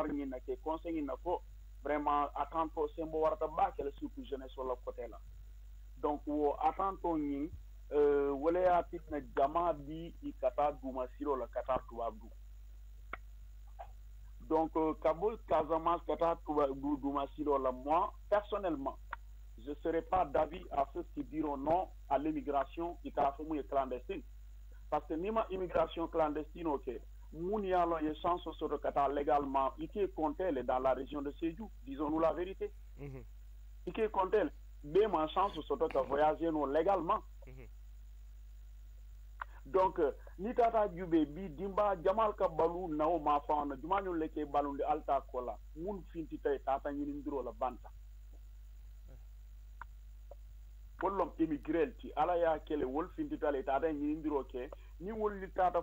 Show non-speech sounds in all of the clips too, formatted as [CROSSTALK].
par ñi na ke conseil na ko vraiment attente o sembo warata baakele surtout jeunesse wala côté là donc wo attente o ñing waleya titna jama bi i kata duma siro la kata tubaab du donc euh, kabul casamance kata tubaab du duma siro la moi personnellement je ne serai pas d'avis à ceux qui diront non à l'immigration et kata clandestine parce que ni ma immigration clandestine okay Mounialo est chanceux sur le légalement. Ike Contel est dans la région de Sédou, disons-nous la vérité. Mm -hmm. Ike Contel, même en chance sur le voyager non légalement. Mhm. donc euh, ni tata juɓe mbi dimba jamal ka balu nawo ma fawna jumañol leke alta kola mun finti tawi tata la banta gollom émigrel ti ala ya kele wol fintitale tata ñinindiro ke ni wolli tata e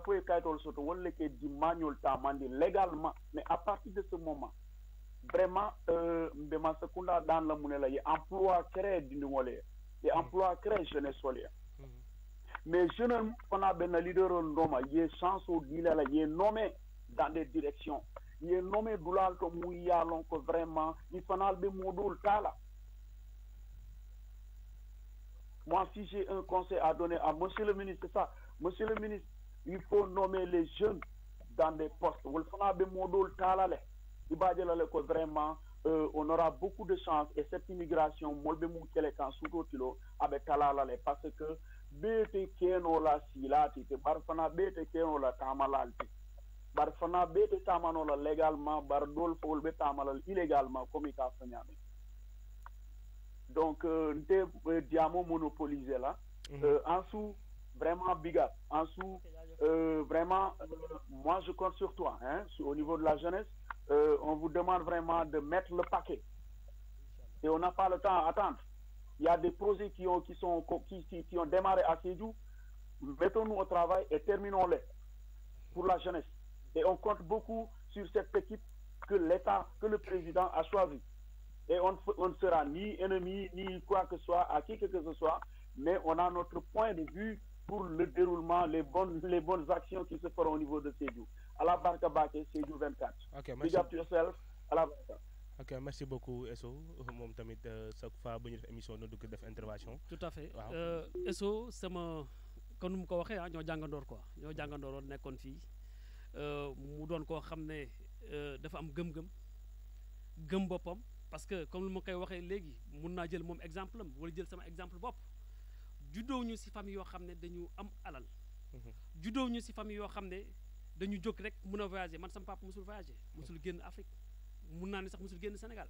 soto légalement mais à partir de ce moment vraiment euh, mbema sakunda dan la munela ye emploi créé ye emploi créé jeunesse ole mhm. mais jeune fana ben leader ndoma ye chance o dila la nommé dans des directions est nommé dulal to mu yalon ko vraiment be moi si j'ai un conseil à donner à monsieur le ministre ça monsieur le ministre il faut nommer les jeunes dans des postes wolfanaɓe moɗol talale ibajalale ko vraiment euh, on aura beaucoup de chance et cette immigration molɓe mum kele kan de aɓe talalale par ce que ɓeete la silati te ɓar fana keno la tamalalti ɓar fana tamano la légalement bar dol fowol ɓe tamalal illégalement comme ita soñamen donc euh, nte euh, diamo monopolisé là, mm-hmm. euh, en sous vraiment big up. En dessous, euh, vraiment, euh, moi je compte sur toi. Hein, au niveau de la jeunesse, euh, on vous demande vraiment de mettre le paquet. Et on n'a pas le temps à attendre. Il y a des projets qui ont, qui sont, qui, qui, ont démarré à Kédou. Mettons-nous au travail et terminons-les pour la jeunesse. Et on compte beaucoup sur cette équipe que l'État, que le président a choisi. Et on, on ne sera ni ennemi, ni quoi que ce soit, à qui que ce soit, mais on a notre point de vue pour le déroulement, les bonnes, les bonnes actions qui se feront au niveau de jours. À la barque à 24. Ok, merci. à la ok merci beaucoup Esso euh, chaque fois émission intervention. tout à fait Euh, Esso sama ko ah, Nous euh, euh, parce que comme nous nous koy exemple vous nous jël exemple Judo ñu famille yo am alal. Mhm. dañu man papa musul Afrique sax musul Sénégal.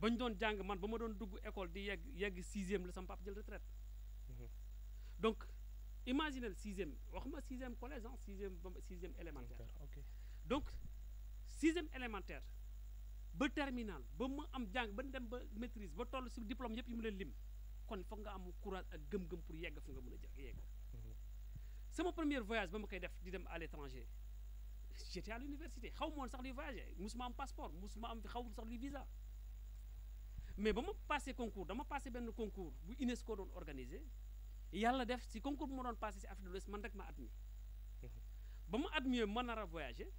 man doon école di yegg sixième la papa jël retraite mhm. donc imaginez sixième sixième collège 6 hein, sixième élémentaire donc sixième élémentaire ba terminal ba am ba dem maîtrise ba toll diplôme kon foog nga am courage ak gëm-gëm pour yegg fu nga mën a jë yegg sama premier voyage bama kay def di dem à l'étranger j'étais à l'université xaw moon sax li voyager musuma am passeport musuma am xaw sax li visa mais bama ma passé concours dama passé ben concours bu UNESCO doon organiser yalla def ci concours mo ma doon passé si Afrique de l'Ouest man rek ma admis ba ma admis ma nar voyager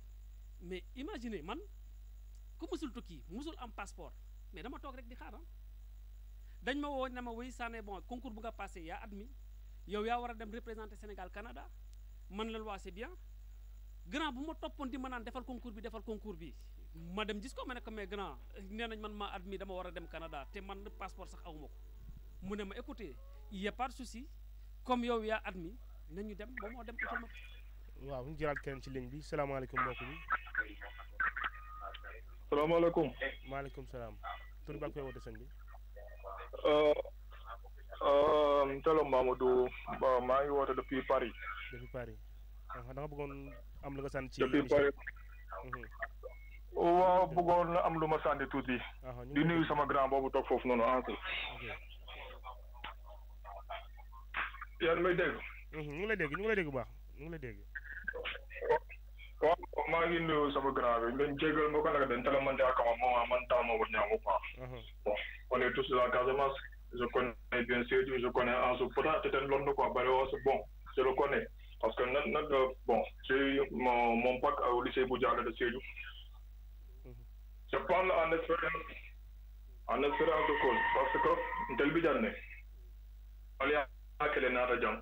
mais imaginez man ku musul tukki musul am passeport mais dama tok rek di xaaral ah. dañ ma woo ne ma wuy sànne bon concours bu nga passé yaa admi yow yaa war a dem représenter Sénégal Canada man la loi c'est bien grand bu ma toppoon di ma naan defal concours bi defal concours bi ma dem gis ko ma ne ko mais grand nee nañ man ma admi dama war a dem Canada te man passeport sax awuma ko mu ne ma écoutez il y a pas de souci comme yow yaa admi nañu dem ba moo dem utal ma waaw ñu jëlaat keneen ci ligne bi salaamaaleykum mbokk bi salaamaaleykum maaleykum salaam tur bi ak koy wote sëñ bi Euh, euh, Talla Mamadou Ba maa ngi woote depuis Paris. depuis Paris ah, da nga bëggoon am lu nga sant ci. depuis Paris. Mhm. waaw bëggoon na am lu ma sant tuuti. Ah, di nuyu sama grand boobu toog foofu noonu en tout. yaa ngi may dégg. Mhm, ñu ngi lay dégg ñu ngi lay dégg bu baax ñu ngi lay dégg. waaw maa ngi sa sama grand bi ngeen jégal ma ko nag dañ tala ah, man jaaka ma moom man temps ma ko ñaamu quoi. bon on est tous la Casamance je connais bien Sédhiou je connais Ansou Fouta te tamit loolu quoi bari waa bon je le connais parce que nag nag euh, bon j'ai mon mon bac au lycée Boudiagne de Sédhiou. Mhm. je parle en expérience en expérience de cause parce que Ndel Badiane. Aliou Akele naata jàng.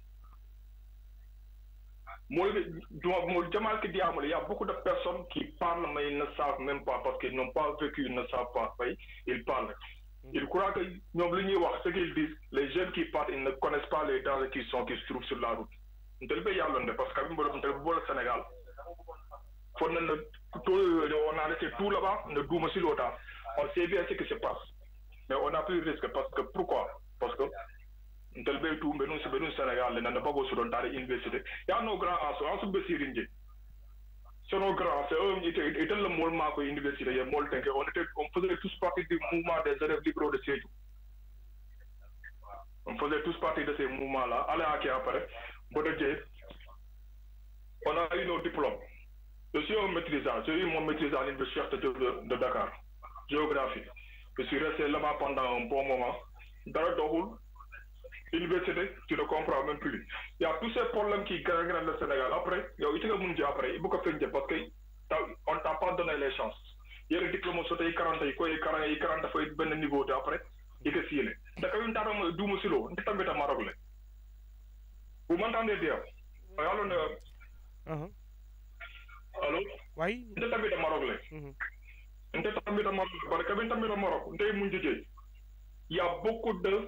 moi il y a beaucoup de personnes qui parlent, mais ils ne savent même pas parce qu'ils n'ont pas vécu, ils ne savent pas. Ils parlent. Mm. Ils croient que ce qu'ils disent, les jeunes qui parlent ils ne connaissent pas les dangers qui, sont, qui se trouvent sur la route. y Parce au Sénégal, on a laissé tout là-bas, ne doume sur l'autre. On sait bien ce qui se passe. Mais on a plus de risque. Parce que, pourquoi Parce que ntolɓe tu ɓeɗum so ɓeɗum sénégal le nana bago suɗon taade université yanno grand a so an suɓɓe sirin je sono grand c'est un était le mool maako université ye mool tenke on était on faisait tous partie du mouvement des élèves libéraux de Sédhiou on faisait tous partie de ces mouvements là allez à qui après Bodo Dieye on a eu nos diplômes je suis un maîtrisant j'ai eu mon maîtrise à l'université Cheikh Diop de, de Dakar géographie je suis resté là-bas pendant un bon moment dara doxul université tu ne comprends même plus il y a tous ces problèmes qui gagnent dans le Sénégal après yow it nga mun ji après bu ko fekkee parce qu'on ne t'a pas donné les chances yéen diplôme soo tey quarante yi 40, il y a 40, il y a 40, il ko siile te kaw ñu daanaka duuma si loo nga tamit ma rog la vous m'entendez bien alors ne allo waay nte tambita Maroc Vous m'entendez bien Maroc Allô Oui Il y a un mun de il y a beaucoup de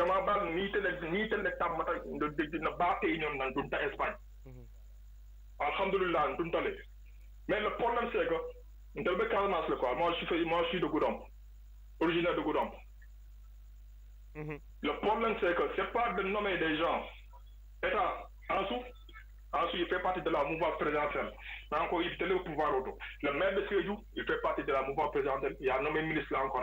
Jamaa ni de n'a Espagne mhm. mais le problème c'est que le quoi moi je suis je de originaire de mhm. le problème c'est que c'est pas de nommer des gens il fait partie de la mouvance présidentielle encore il le pouvoir le même de il fait partie de la Mouvement présidentielle il a nommé ministre là encore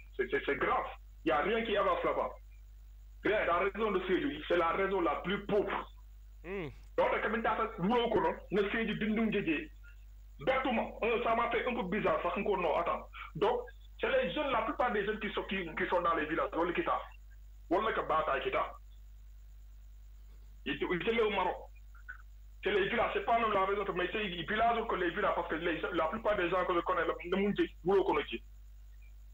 c'est grave. Il n'y a rien qui avance là-bas. Rien, la raison de Sédou, c'est la raison la plus pauvre. Hmm. Donc, le cabinet d'affaires, vous le ne le Sédou Bindoum Djedje. Bêtement, ça m'a fait un peu bizarre, ça encore non, attends. Donc, c'est les jeunes, la plupart des jeunes qui sont, qui, qui sont dans les villages, on les Kita. on les Kabata Ils étaient au Maroc. C'est les villages, c'est pas nous la raison, mais c'est les villages que les villages, parce que la plupart des gens que je connais, le monde, vous le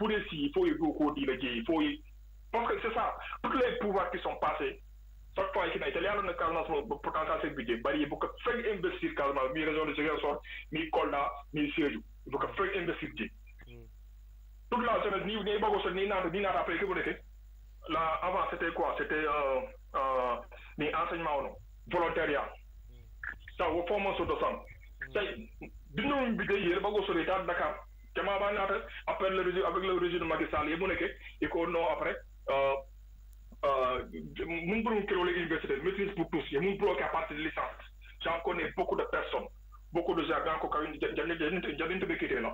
pour ici, il faut y beaucoup dialoguer, il faut y... Parce que c'est ça, tous les pouvoirs qui sont passés, chaque fois qu'il y a été là, potentiel de budget, il faut que faire investir car calmement, ni région de mais sécurité, ni Kolda, ni Sérou. Il faut que faire investir. Mm. Toute la jeunesse, ni n'a pas ni n'a ni n'a rappelé que vous l'êtes. Là, avant, c'était quoi C'était euh, euh, les enseignements, non volontariat. Mm. Ça, vous formez sur le sang. Ça, nous, nous, nous, nous, nous, nous, nous, nous, nous, jamaa baada après le régime avec le régime de Macky Sall yëpp mu nekkee il faut non après mun borom kilo la université maîtrise pour tous yëpp mun bloqué à partir de licence j'en connais beaucoup de personnes beaucoup de gens ko kaw jalinta jalinta bekkitee la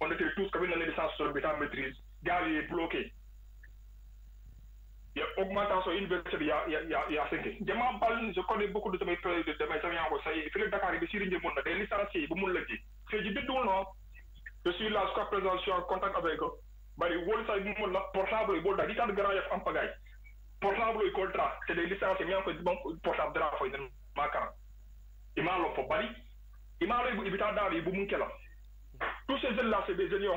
on était tous kawin na licence sur bitan maîtrise gars yi bloqué il y a augmentation universitaire il y a il y a il y a cinq jamaa bal je connais beaucoup de samay de samay samay ko say fii Dakar yi ba Siri Ndié mun na day licencié ba mun la ji xëy ji dëddul noonu je suis là jusqu'à présent je suis en contact avec eux bari wóolu sa moom la portable yi boo daa jiitaat grand yef am pagaay portable yi contrat c'est des licences, licenciés mi ankoy bon portable dara foy den maa karan imaa loppo bari imaa lay bu ibitaa daal yi bu munke la tous ces jeunes là c'est des jeunes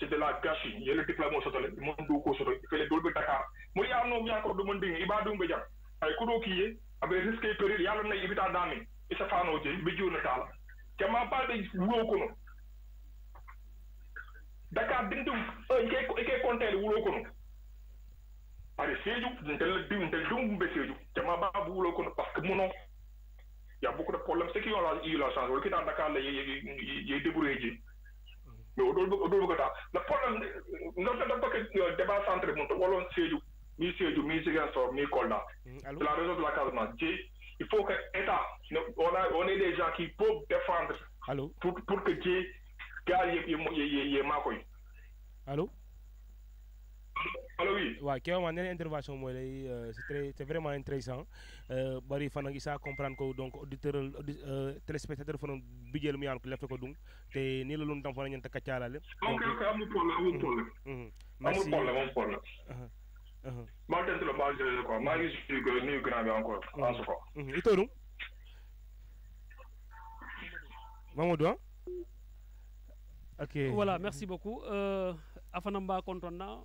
c'est de la gâchis a le diplôme au sotole mon du ko soto fele dol de Dakar mo yaa noo mi encore du mon dingi ibaa dumbe jam ay ku doo kiiyee avec risque et péril il y a un yàlla nay ibitaa daami isa faanoo jëy bi jiw na taala te maa baal de woo ko noonu Dakar bindu ike eh, konteele wuloo kono ari seeju ntel ntel dummbe seeju jama baabu wuloo kono par ce que munoo y a beaucoup de problèmes ceux qui ont la eu la chance wala ki taa Dakar la yey débrouillé ji mais oɗo oɗo ɓoga taa le problème euh, ndotata bake euh, débat centré mum to wolon seeju mi seeju mi Ziguinchor mi Kolda de mm, la région de la Casamance jeyi il faut que état on a on est des gens qui peuvent défendre pour pour que jeyi a yëpp yee yee maa koy. allo. allo oui. waaw Kéema nee na intervention mooy lay euh, c'est très c'est vraiment intéressant euh, bari fan ak isa ko donc auditeur audi euh, téléspectateur fana bijeel mu yaanu ko lefte ko dung te nii la loon tam fana ñeent kàccaalaale. donc ok ok amul merci amul problème amul problème. Mm-hmm. Mm-hmm. Uh-huh. Uh-huh. maa ok voilà merci beaucoup euh, afanamba kontonna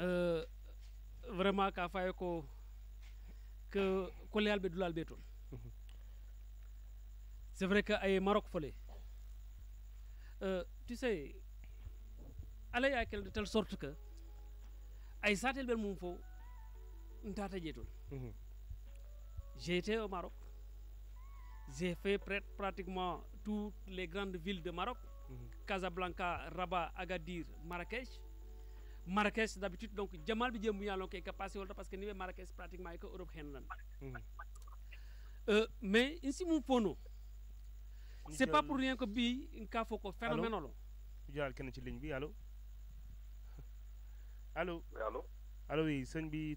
euh, vraiment ka faye ko ko koleyalɓe dulalɓe toon mhm. c'est vrai que ay maroc fole euh, tu sais allez alay quelle de telle sorte que ay satel ɓel mum fof ntata jee mhm. j'ai été au maroc j'ai fait pratiquement toutes les grandes villes de Maroc, mhm. Casablanca, Rabat, Agadir, Marrakech. Marrakech d'habitude donc jamal bi jëm yalla ko passé wala parce que ni Marrakech pratiquement que Europe hen lan. Mhm. Euh mais ici mon pono c'est pas pour rien que bi nka foko phénomène lo. Jall ken ci ligne bi [LAUGHS] oui señ bi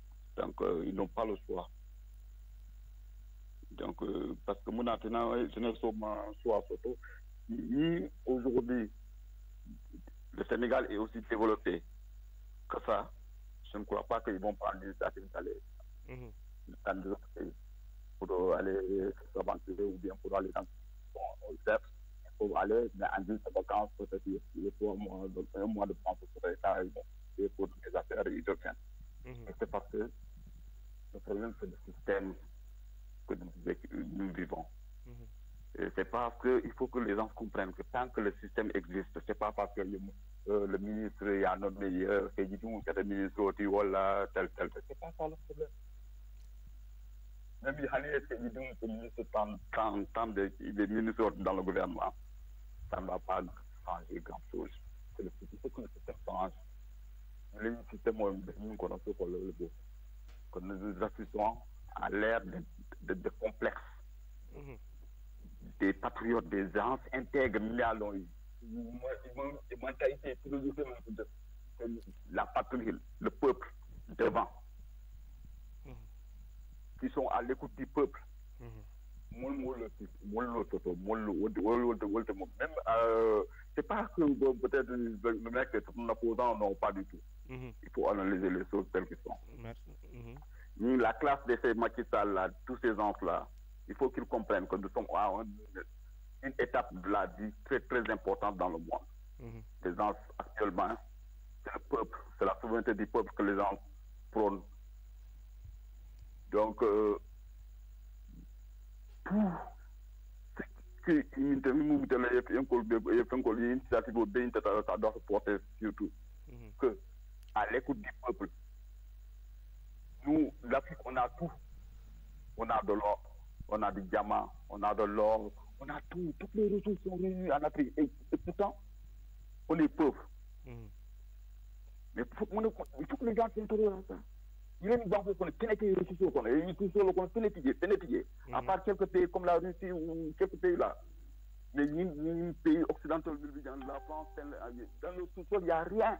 Donc, euh, ils n'ont pas le choix. Donc, euh, parce que maintenant, je ne pas pas choix photo. Aujourd'hui, le Sénégal est aussi développé que ça. Je ne crois pas qu'ils vont prendre des ateliers mhm. pour aller s'aventurer ou bien pour aller dans bon, pour aller mais en de vacances, peut-être un mois de temps pour faire ça et pour les affaires, ils reviennent. Mhm. C'est parce que le problème, c'est le système que nous, vivons. Mm C'est parce qu'il faut que les gens comprennent que tant que le système existe, c'est pas parce que le euh, ministre il y a notre meilleur, c'est du tout, c'est le ministre, tu voilà, tel, tel, tel. C'est pas ça le problème. Même il y a des ministres, tant, tant, des ministres dans le gouvernement, ça ne va pas changer grand chose. C'est le système que le système change. Le système, on le que nous nous assistons à l'ère des complexes, Des patriotes, des gens intègres, mais la patrie, le peuple devant, qui sont à l'écoute du peuple. Même, c'est pas que peut-être le mec est un opposant, non, pas du tout il faut analyser les choses telles qu'elles sont. Mm La classe de ces maquis là, tous ces enfants là il faut qu'ils comprennent que nous sommes à une étape de la vie très très importante dans le monde. Les gens actuellement, c'est le peuple, c'est la souveraineté du peuple que les gens prônent. Donc, euh, pour que ça doit se porter surtout que à l'écoute du peuple. Nous, l'Afrique, on a tout. On a de l'or, on a du diamant, on a de l'or, on a tout. Toutes les ressources sont réunies en Afrique. Et, pourtant, on est pauvre. Mais tous que les gens sont à ça. Il y a une banque qui est les ressources, qu'on est ressources, qu'on est ténétiqué, À part quelques pays comme la Russie ou quelques pays là. Mais les pays occidentaux, la France, dans le sous il n'y a rien.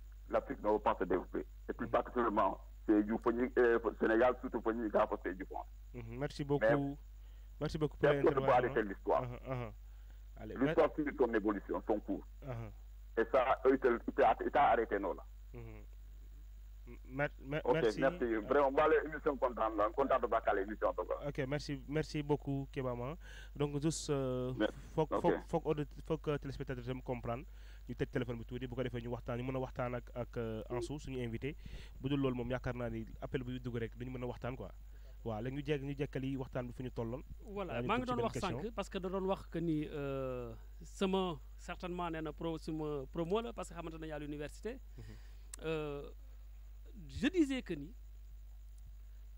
l'Afrique va pas se développer. Et plus particulièrement, c'est du tout euh, Sénégal, surtout Fogny, Gafo, c'est du point. Mhm. Merci beaucoup. Merci beaucoup pour l'intervention. l'histoire. Uh-huh, uh-huh. L'histoire suit son évolution, son cours. Uh-huh. Et ça, eux, ils arrêté, non, là. Merci. Merci. On merci. merci. Vraiment, On l'émission contente, de battre l'émission. Ok, merci, beaucoup, Kébama Donc, juste, il faut, faut, faut que les téléspectateurs me comprennent. ñu tëj téléphone bi tuuti bu ko defee ñu waxtaan ñu mën a waxtaan ak ak euh, Ansou suñu invité bu dul loolu moom yaakaar naa ni appel bu dugg rek duñu mën a waxtaan ko waa léegi ñu jekk ñu jekkali waxtaan bi fu ñu tolloon. voilà maa ngi doon wax sànq parce que da doon wax que ni euh, sama certainement nee na pro suma promo la parce que xamante nañu al l'université mhm. euh, je disais que ni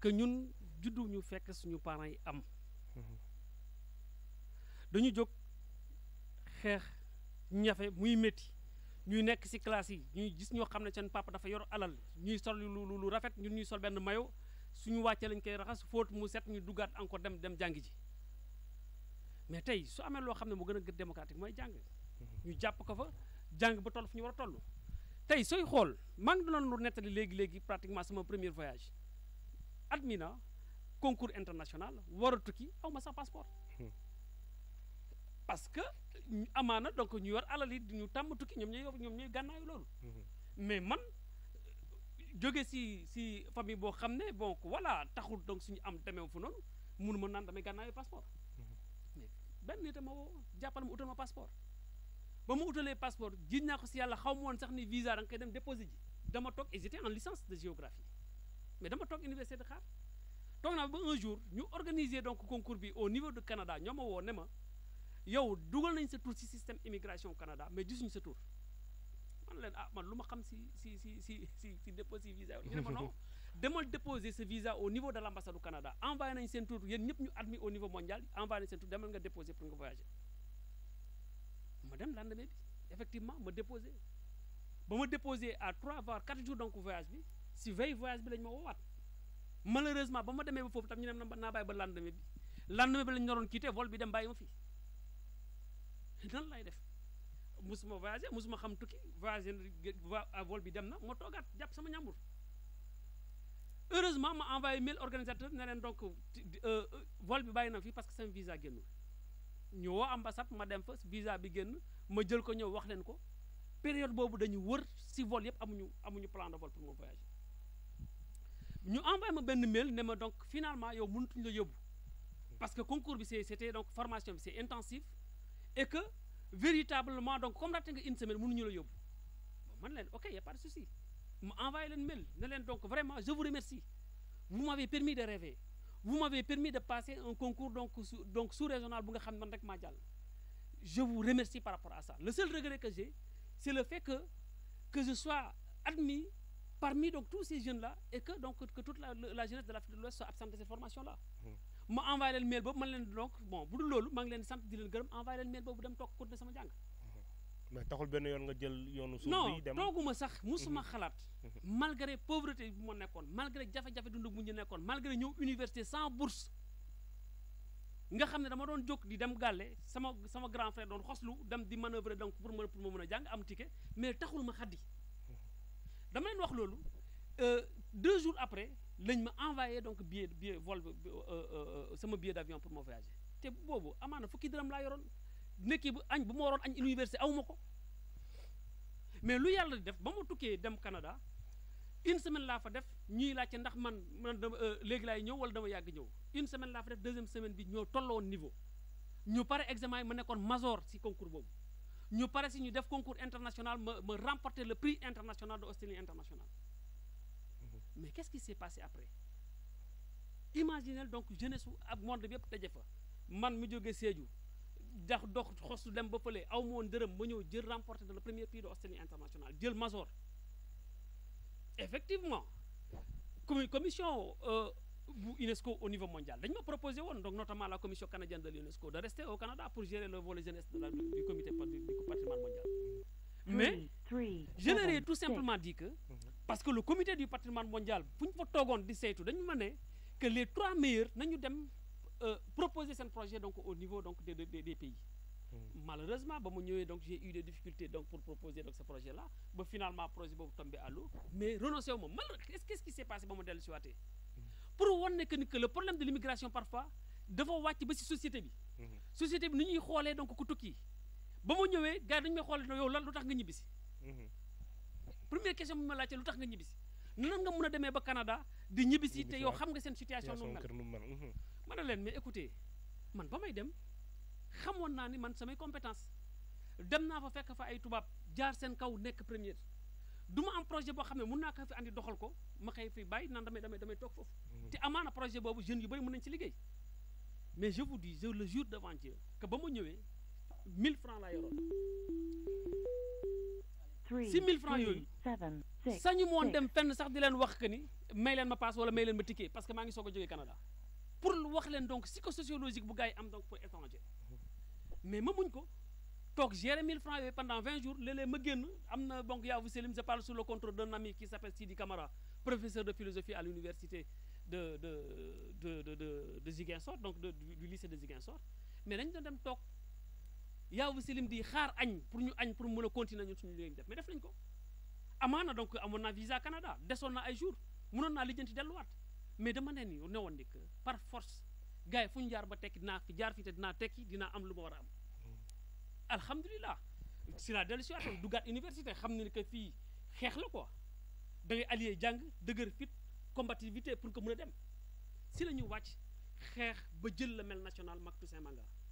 que ñun juddu ñu fekk suñu parents yi am mhm. dañu jóg xeex ñafe muy métti ñuy nekk si classe yi ñuy gis ñoo xam ne seen papa dafa yor alal ñuy sol lu lu rafet ñun ñuy sol benn mayo suñu wàccee lañ koy raxas fóot mu set ñu duggaat encore dem dem jàngi ji mais tey su amee loo xam ne mu gën a gën démocratique mooy jàng. Mhm. ñu jàpp ko fa jàng ba toll fu ñu war a toll. tey sooy xool maa la doon nettali léegi léegi pratiquement sama premier voyage admis na concours international war a tukki aw ma sax passeport. Hmm. parce que amana donc ñu war alal yi ñu tamatu ki ñom ñooy yor ñoom ñooy mhm. mais man jogé si si famille bo xamné ne bon voilà taxul donc suñu am démé fu non mënu ma naan damay passeport. Mhm. mais benn nit ma woo jàppal ma utal ma passeport. ba mu utalee passeport jiit naa ko si yalla xaw ma sax ni visa da koy dem déposé ji dama tok et en licence de géographie mais dama tok université de xaar tok na ba un jour ñu organiser donc concours bi au niveau de Canada ñoma wo néma yow dugal nañ sa tur ce système immigration Canada mais gisuñu sa tour. man len ah man luma xam si si si si si si déposer visa ñu ne ma non [LAUGHS] demal déposer ce visa au niveau de l'ambassade du Canada envoyé nañ sen tour yeen ñep ñu admis au niveau mondial envoyé nañ sen tour demal nga déposer pour nga voyager Madame dem lendemain bi effectivement ma déposer ba ma déposer à trois voire quatre jours donc voyage bi si veille voyage bi lañ ma woowaat malheureusement ba ma demee ba tam ñu ne naa bàyyi ba lendemain bi lendemain bi lañ naroon quitter vol bi dem bàyyi ma nan lay def musuma voyagé musuma xam tukki voyagé na vol bi dem na ma toogaat jàpp sama ñambur heureusement ma envoyé mail organisateur ne leen donc euh, euh, vol bi bàyyi na fi parce que sama visa génnul ñu ambassade ma dem fa visa bi génn ma jël ko ñëw wax leen ko période boobu dañu wër si vol yëpp amuñu amuñu plan de vol pour ma voyager ñu envoyé ma benn mail ne ma donc finalement yow mënatuñu la yóbbu parce que concours bi c'est c'était donc formation bi c'est intensif et que véritablement donc comme raté une semaine la ok a pas de souci ma len mail donc vraiment je vous remercie vous m'avez permis de rêver vous m'avez permis de passer un concours donc sous donc sous régional bu nga xam je vous remercie par rapport à ça le seul regret que j'ai c'est le fait que que je sois admis parmi donc tous ces jeunes là et que donc que toute la, jeunesse de l'Afrique de l'Ouest soit absente de ces formation là. Mmh. ma envoyé leen mail boobu man leen donc bon bu dul loolu maa leen sant di leen gërëm envoyé leen mail boobu dem toog continuer sama jàng. Mm-hmm. mais taxul benn yoon nga jël yoonu. suuf bi dem non tooguma sax musuma mm-hmm. xalaat. Mm-hmm. malgré pauvreté bi ma nekkoon malgré jafe-jafe dund bu ñu nekkoon malgré ñëw université sans bourse. nga xam ne dama doon jóg di dem gale sama sama grand frère doon xoslu dem di manoeuvrer donc pour ma pour ma mën a jàng am ticket mais taxul ma xaddi dama leen wax loolu euh, deux jours après. lañ ma envoyé donc billet billet vol euh, euh, mon billet d'avion pour mon voyage. te boobu Amana, fukki qu'il laa yoroon nekki bu qui bu ma waroon añ université aw mais lui mais lu le def ba tout tukkee dem Canada une semaine là fa def ni la ndax man man dama euh, léegi laay ñëw wala dama yàgg ñëw une semaine là fa def deuxième semaine bi ñoo tolloon niveau ñu pare examen yi ma major si concours boobu ñu pare si ñu def concours international me remporter le prix international de Australie international mais qu'est-ce qui s'est passé après imaginez donc jeunesse ak monde bi yëpp je fa man mu jóge Sédhiou dox dem ba ma remporté dans le premier prix de l'Australie international jël Mazor effectivement comme commission euh, UNESCO au niveau mondial dañ ma proposé notamment donc notamment la commission canadienne de l'UNESCO de rester au Canada pour gérer le volet jeunesse de la du comité du patrimoine mondial mais je leur ai tout simplement dit que, parce que le comité du patrimoine mondial, pour une dit que les trois meilleurs, nous dem euh, proposer ce projet donc, au niveau donc, des, pays. Hmm. Malheureusement, donc j'ai eu des difficultés donc, pour proposer donc, ce projet-là. finalement, le projet est tombé à l'eau. Mais renoncez au Qu'est-ce qui s'est passé dans le société Pour voir que le problème de l'immigration, parfois, devant voir la société. La hmm. société, nous avons donc, ba ma ñëwee gars yi dañu may xool yow lan lu tax nga ñibbisi mhm. première question bi ma laajte lu tax nga ñibbisi nan nga mën a demee ba Canada di ñibbisi te yow xam nga seen situation nu mu mel mhm. ma ne leen mais écoutez man ba may dem xamoon naa ni man samay compétence dem naa fa fekk fa ay tubaab jaar seen kaw nekk première du ma am projet boo xam ne mun naa ko fi andi doxal ko ma xëy fi bàyyi naan damay damay damay toog foofu mhm. te amaana projet boobu jeune yu bëri mën nañu ci liggéey mais je vous dis le jure devant Dieu ba ma ñëwee 1000 francs la 6000 francs yoy 7 6 sañu mo won dem fenn sax di len wax que ni may ma passe wala may len ma ticket parce que ma ngi soko au canada pour wax len donc psychosociologique bu être am donc pour étranger mais ma muñ ko tok géré 1000 francs pendant 20 jours lélé ma génn amna banque ya vous selim je parle sous le contrôle d'un ami qui s'appelle Sidi Kamara professeur de philosophie à l'université de de de de de, Ziguinchor donc du, lycée de Ziguinchor mais dañ do dem tok yaawu silim di xaar añ pour ñu añ pour mun a continuer ñun suñu liggéey def mais def nañ ko amaana donc amoon naa visa Canada desoon naa ay jour mënoon naa lijjanti delluwaat mais dama ne ni newoon ni que par force gars yi fu ñu jaar ba tekki dinaa jaar fii te dinaa tekki dinaa am lu ma war a am alhamdulilah si laa dellu si waat duggaat université xam ne que fii xeex la ko da ngay allié jàng dëgër fit combativité pour que mën a dem si la ñu wàcc xeex ba jël la mel national Mac Toussaint Mangara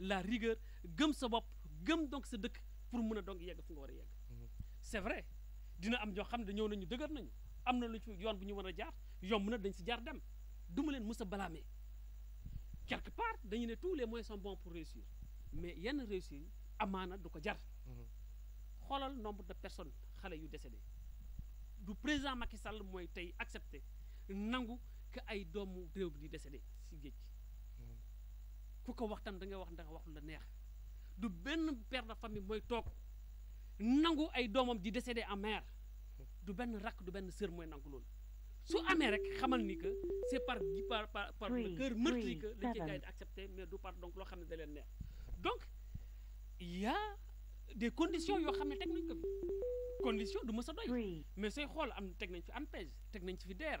la rigueur gëm sa bopp gëm donc ce dëkk pour mun donc yegg fu nga war a yegg mhm. c'est vrai dina am jo xam ne ñëw nañu dëgër nañu am na lu ci yoon bu ñu mën a jaar yomb na dañ ci jaar dem du leen mës a blâmer quelque part dañu né tous les moyens sont bons pour réussir mais yenn réussir amana amaana du ko jar mhm. xoolal nombre de personnes xalé yu décédé du président Macky Sall moy tay accepter nangu que ay doomu réew bi di décédé ci géej gi ku ko waxtam da nga wax ndax wax lu neex du ben père de famille moy tok nangu ay domam di décédé en mer du ben rak du ben sœur moy nangu lool su amé rek xamal ni que c'est par par par le cœur meurtri que dañ ci gars accepter mais du par donc lo xamné da len neex donc il y' a des conditions yo xamné tek nañ ko fi condition du ma sa doy mais sooy xol am tek nañ fi ANPEJ tek nañ ci fi DER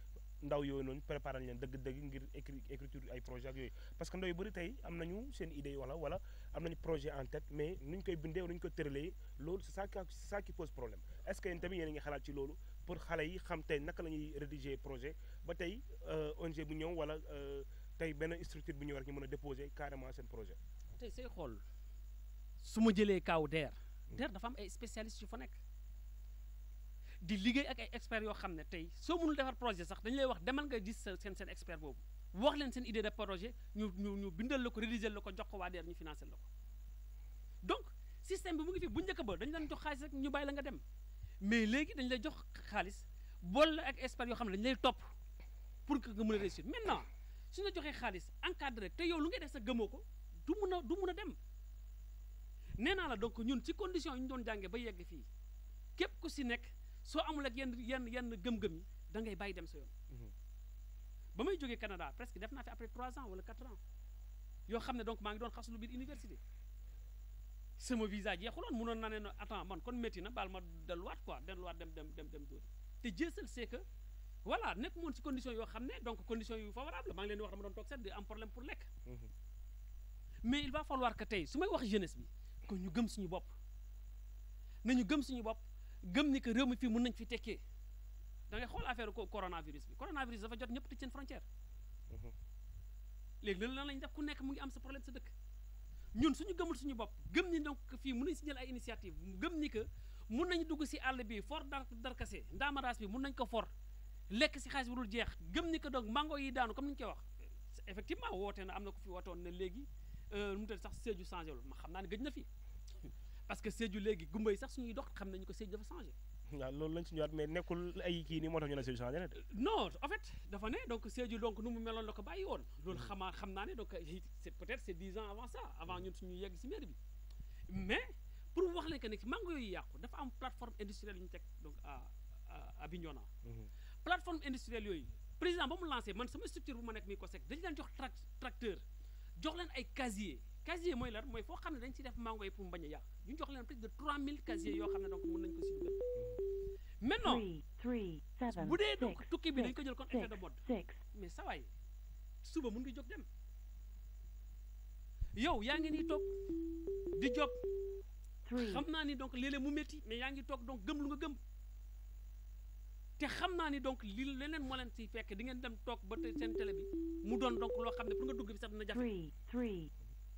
ndaw yooyu noonu préparé nañ leen dëgg-dëgg ngir écrit écriture ay projet ak yooyu parce que ndaw yu bëri tey am nañu seen idée wala wala am nañu projet en tête mais nu ñu koy bindee wala nu ñu ko tëralee loolu c'est ça c'est pose problème est ce que yéen tamit yéen a ngi xalaat ci loolu pour xale yi xam tey naka la ñuy rédiger projet ba tey euh, onge bu ñëw wala euh, tey benn structure bu ñëw rek ñu mën a déposer carrément seen projet. tey say xool su ma jëlee kaw DER. DER dafa ay spécialistes yu fa nekk. di liggéey ak ay experts yoo xam ne tey soo mënul defar projet sax dañu lay wax demal nga gis seen seen expert boobu wax leen seen idée de projet ñu ñu ñu bindal la ko rédiger la ko jox ko waa DER ñu financer la ko donc système bi mu bu njëkk ba dañu daan jox xaalis rek ñu bàyyi la nga dem mais léegi dañ lay jox xaalis bool la ak experts yoo xam ne dañu lay topp pour que nga mën a réussir maintenant suñu la joxee xaalis encadré te yow lu ngay def sa gëmoo ko du mun a a dem nee naa la donc ñun ci condition yi ñu doon jàngee ba yegg fii képp ku si nekk. soo amul ak yenn yenn yenn gëm-gëm yi da ngay bàyyi dem sa yoon. Mhm. ba may jógee Canada presque def naa fi après 3 ans wala 4 ans yoo xam ne donc maa ngi doon xaslu biir université sama visa jeexuloon mënoon naa ne non attends man kon métti na baal ma delluwaat quoi delluwaat dem dem dem dem dóori te jéesal c'est que voilà nekk moon si condition yoo xam ne donc condition yu favorable maa ngi leen di wax dama doon toog set di am problème pour lekk. Mhm. mais il va falloir que tey su may wax jeunesse bi que ñu gëm suñu bopp nañu gëm suñu bopp. gëm ni que réew mi fii mun nañ fi tekkee da ngay xool affaire ko coronavirus bi coronavirus dafa jot ñëpp tëj seen frontière mhm. léegi loolu lan lañ def ku nekk mu ngi am sa problème sa dëkk ñun suñu gëmul suñu bopp gëm ni donc fii mën nañ si jël ay initiative gëm ni que mun nañ dugg si àll bi for dar darkase ndaamaraas bi mun nañ ko for lekk si xaalis bu dul jeex gëm ni ko donc màngoo yi daanu comme ni ñu koy wax effectivement woote na am na ko fi wootoon ne léegi lu euh, mu tëdd sax Sédhiou changé ma xam naa ne gëj na fi parce que c'est du légui gumbay sax suñuy dox xamnañ ko Sédhiou dafa changé. waaw loolu lañ ci ñëwaat mais nekul ay ki ni motax ñu ne Sédhiou changé na de. non en fait dafa né donc Sédhiou donc nu mu meloon la ko bàyyi woon. loolu mm-hmm. xama xamna né donc c'est peut-être c'est 10 ans avant ça avant mm-hmm. ñun suñu yegg ci mère bi mais pour wax lé que ne mango yu yàqu dafa am plateforme industrielle yu ñu teg donc à à Bignona. Mm-hmm. plateforme industrielle yoy président ba mu lancer man sama structure bu ma nek mi ko sec dañu leen jox trac tracteur jox leen ay casier. casier mooy lan mooy foo xam ne dañ ci def mango yi pour mu bañ a yàq ñu jox leen plus de 3000 casiers yoo xam ne donc mën nañu ko si dugal. maintenant bu dee donc tukki bi dañ ko jël kon effet de mode mais sawaay suba mun nga jog dem yow yaa ngi nii toog di job xam naa ni donc léeg-léeg mu mais yaa ngi toog donc gëm lu nga gëm te xam naa ni donc li leneen moo leen siy fekk di ngeen dem toog ba seen télé bi mu doon donc loo xam ne pour nga dugg bi sax dina jafe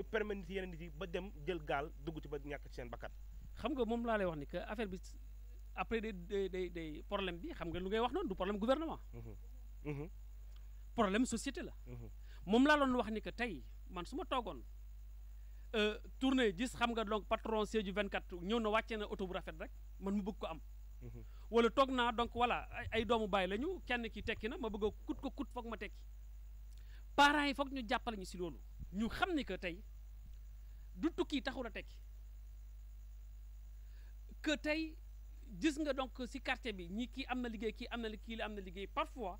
du permettre nit yeneen nit yi ba dem jël gaal dugg ci ba ñàkk ci seen bakkat xam nga moom laa lay wax ni que affaire bi après des des des day problème bi xam nga lu ngay wax noonu du problème gouvernement. Mhm. Mhm. problème société la. Mhm. moom laa doon wax ni que tey man su ma toogoon euh, tournée gis xam nga donc patron du 24 ñëw na wàccee na auto bu rafet rek man mu bëgg ko am. wala toog naa donc voilà ay doomu baay lañu kenn ki tekki na ma bëgg a kut ko kut foog ma tekki parents yi foog ñu jàppale ñu si loolu. ñu xam ni que tey du tukki taxul a tekki que tey gis nga donc si quartier bi ñi kii am na liggéey kii am na kii la am na liggéey parfois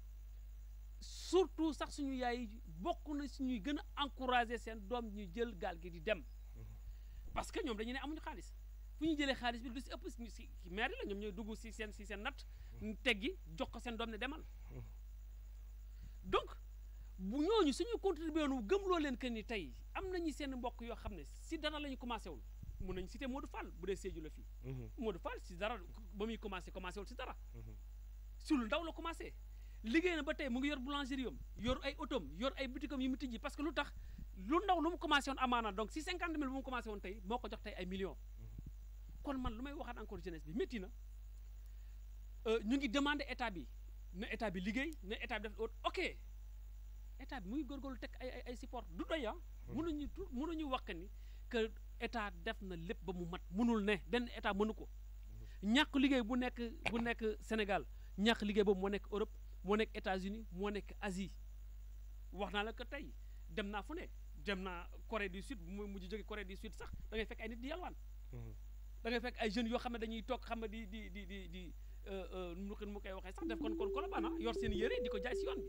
surtout sax suñu yaay bokk na suñuy gën a encourager seen doom ñu jël gaal gi di dem mm-hmm. parce que ñoom dañu ne amuñu xaalis fu ñu jëlee xaalis bi lu si ëpp si maire la ñoom ñooy dugg si seen si seen natt mm-hmm. teggi jox ko seen doom ne demal mm-hmm. bu ñooñu suñu contribué nu gëmloo leen que ni tey am na nañu seen mbokk yoo xam ne si dara la ñu commencé wul mun nañu cité Modou bu dee Sédhiou la fii. Mhm. Modou Fall si dara ba muy commencé commencé wul si dara. Mhm. si lu ndaw la commencé. liggéey na ba tey mu ngi yor boulangerie am yor ay otom yor ay butikam yu mu tijji parce que lu tax lu ndaw lu mu commencé woon amaana donc si cinquante mille bu mu commencé woon tey moo ko jox tey ay millions. Mhm. kon man lu may waxaat encore jeunesse bi métti euh, ñu ngi demandé état bi na état bi liggéey na état bi def ok. état bi muy tek tek ay ay support du munu ah. mënuñu mënuñu wax ni que état def na lepp ba mu mat mënul ne ben état munu ko. ñàkk liggéey bu nek bu nek Sénégal ñak liggéey bu mo nek Europe mo nek États-Unis mo nek Asie wax naa la que tay dem na fu ne dem na Corée du Sud mu mujj Corée du Sud sax da ngay fekk ay nit di yalwan da ngay fekk ay jeunes yo xamne dañuy tok xamne di di di di euh nu mu kay waxe sax def kon kon kon yor seen yéré di jaay ci yoon bi.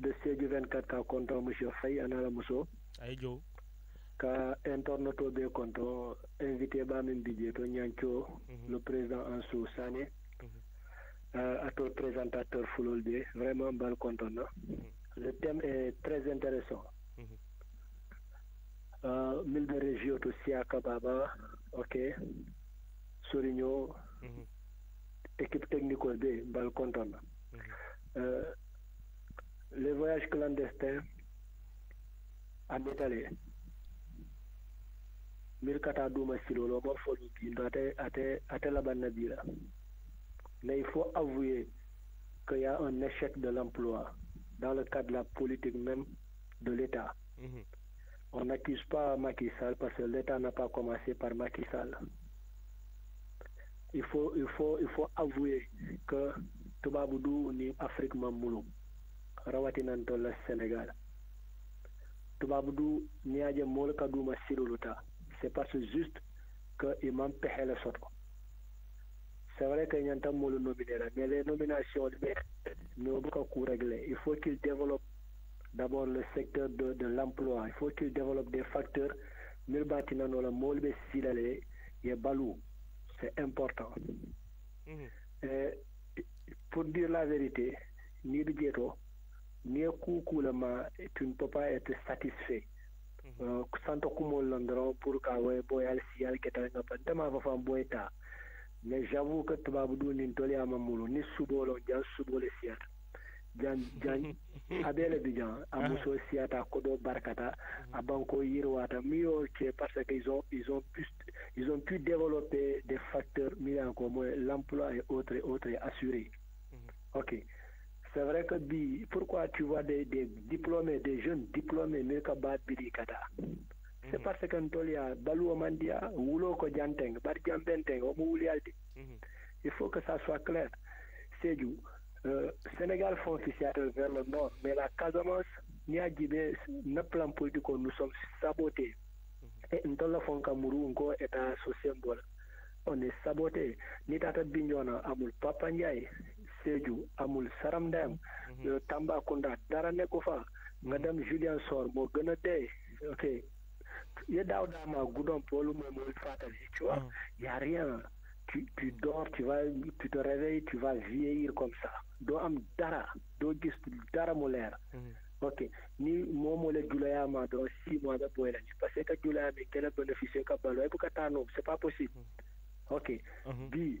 de seejo 24 ka konton monsieur faye an muso ay jow ka interneto be konto invité bamin bidje to ñanco mhm. le président Ansou Sané mm -hmm. euh, ato présentateur fulol be vraiment bal konton na mm -hmm. le thème est très intéressant mhm. euh, de régio to siaka baba ok sorigno mhm. équipe technique de bal konton na euh, les voyages clandestins en Italie mais il faut avouer qu'il y a un échec de l'emploi dans le cadre de la politique même de l'État. Mhm. On n'accuse pas Macky Sall parce que l'État n'a pas commencé par Macky Sall. Il faut, il faut, il faut avouer que un ni Afrique Mamoulou rawatina le sénégal tubabu du ñaaje moolu ka duma siruluta c'est parce juste que imam le soto c'est vrai que ñanta moolu nominé mais les nominations mais nous bu ko ku il faut qu'il développe d'abord le secteur de de l'emploi il faut qu'il développe des facteurs milbatinano la moolu be silale ye balou. c'est important mm -hmm. euh, pour dire la vérité ni du jeetoo mieux kukulama tu ne peux pas être satisfait sans te lan dron pour ka boyal boy al sial ke tan nga pan dama fa fam boy ta mais j'avoue que tubabu du ni tole ama mulu ni subolo jan subole siat jan jan abele [LAUGHS] bi jan amuso ah. siata ko do barkata mhm. abanko yirwata miyo ke parce que ils ont ils ont pu ils ont pu développer des facteurs encore comme l'emploi et autres et autres assurés mhm. OK c'est vrai que bi pourquoi tu vois des, des diplômés des jeunes diplômés mais que bat bili kata c'est mhm. parce que ntolia balu mandia wulo ko janteng bar jambenteng o dit. Mhm. il faut que ça soit clair c'est du euh, Sénégal font vers le nord mais la Casamance ni a que notre plan politique nous sommes sabotés mhm. et nous ntola fon kamuru est un symbole. on est saboté ni tata bignona amul papa Sédhiou amul saram Tamba mhm. Tambacounda dara Nekofa, fa nga madame mhm. Julien Sor moo gën a dee ok yedaaw daama guddoom poolu mooy mooy fàttali tu vois mhm. n'y a rien tu tu dors tu vas tu te réveilles tu vas vieillir comme ça donc am dara do gis dara mu leer ok ni Julia m'a ɗo six mois de ɓoylani par ce que Julia kene bénéficié ka balo e buka tanum c'est pas possible ok bi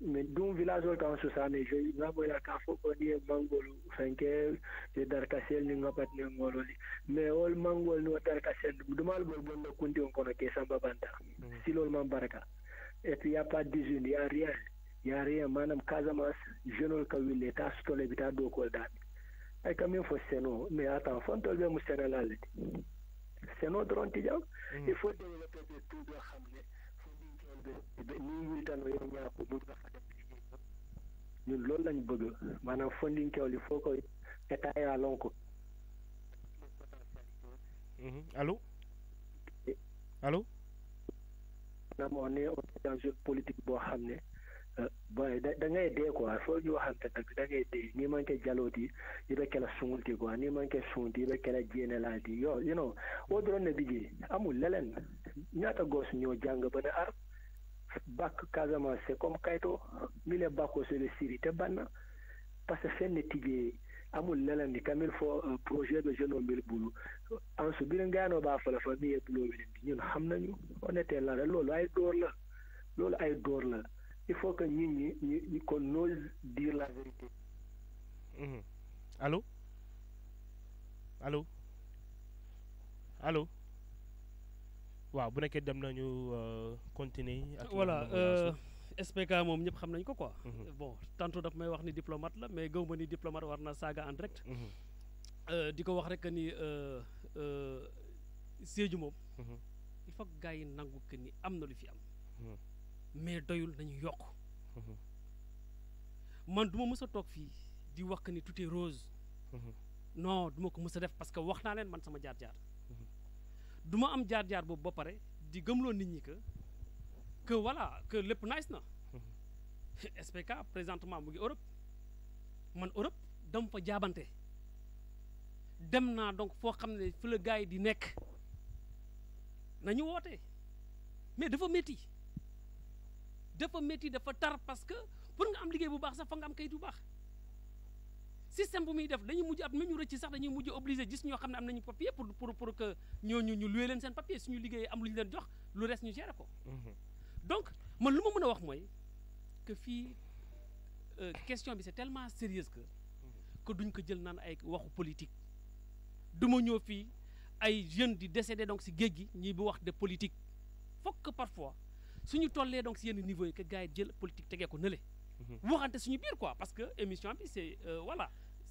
min ɗum village o tan susane joyi gamoyla ka fof ko ni e manngol fenke e a ni gaɓatne ngololi mais wol manngol ni o darkasel dumal gol bonno kunti on kono ke samba banta silol man baraka et puis y a pas d'usine y a rien y a rien manam casamance jeunol ka wille ta sutole bi ta dokol daɓe ay kamin fo seno mais attend fontol ɓe mu senalallede seno doron tijaw il faut développer tout ɗo hamle nii ñun loolu lañ bëgg maanaam funding teew li foo koy état yaa lonk allo mhm. allo maanaam on est dans une politique boo xam ne euh, boy da da ngay dee quoi foo ñu waxante nag da ngay dee nii man ke jalooti yiɓe kela suŋulti quoi nii man ke suŋti yiɓe kela jeenelaati yo you know wo doronna bigi amul leleen ñaata goos ñoo jàng ba ne ar bàkk Casamance c'est comme kayto mi le bàkkoo sole siri te banna parce que fenne tijee amul lalandi kamin fo projet de jeune o mbel ɓulu an so mbiɗa ngano ɓa fala fa mi e ñun xam nañu on était là loolu ay door la loolu ay door la il faut que nit ñi ñu ñu qu'on ose dire la vérité allo mhm. allo waaw bu nekkee dem nañu euh, continuer ak voilà euh, SPK moom ñëpp xam nañ ko quoi mhm. bon tantôt daf may wax ni diplomate la mais ma ni diplomate war na saaga en direct mhm. euh, di ko wax rek ni Sédhiou moom mhm. il faut que gars yi nangu que ni am na lu fi am mais doyul nañu yokk man ma mos a toog fii di wax que ni tout est rose non ma ko mos a def parce que wax naa leen man sama jaar-jaar du ma am jaar-jaar boobu ba pare di gëmloo nit ñi que que voilà que lépp nice na mhm. SPK présentement mu ngi Europe man Europe dama fa jaabante dem naa donc foo xam ne fu la gars yi di nekk nañu woote mais dafa métti dafa métti dafa tar parce que pour nga am liggéey bu baax sax fa nga am kayit bu baax système bu muy def dañuy mujj at même ñu rëcc sax dañuy mujj obligé gis ñoo xam ne am nañu papier pour pour pour que ñooñu ñu luwee leen seen papier suñu liggéeyee am lu ñu leen jox lu res ñu gérer ko. Mhm. donc man lu ma mën a wax mooy que fii euh, question bi c'est tellement sérieuse que. que duñ ko jël naan ay waxu politique. du ma ñëw fii ay jeunes di décédé donc si géej gi ñuy bi wax de politique foog que parfois suñu tollee donc si yenn niveau yi que gars yi jël politique tegee ko nële. Mhm. waxante suñu biir quoi parce que émission bi c'est euh, voilà.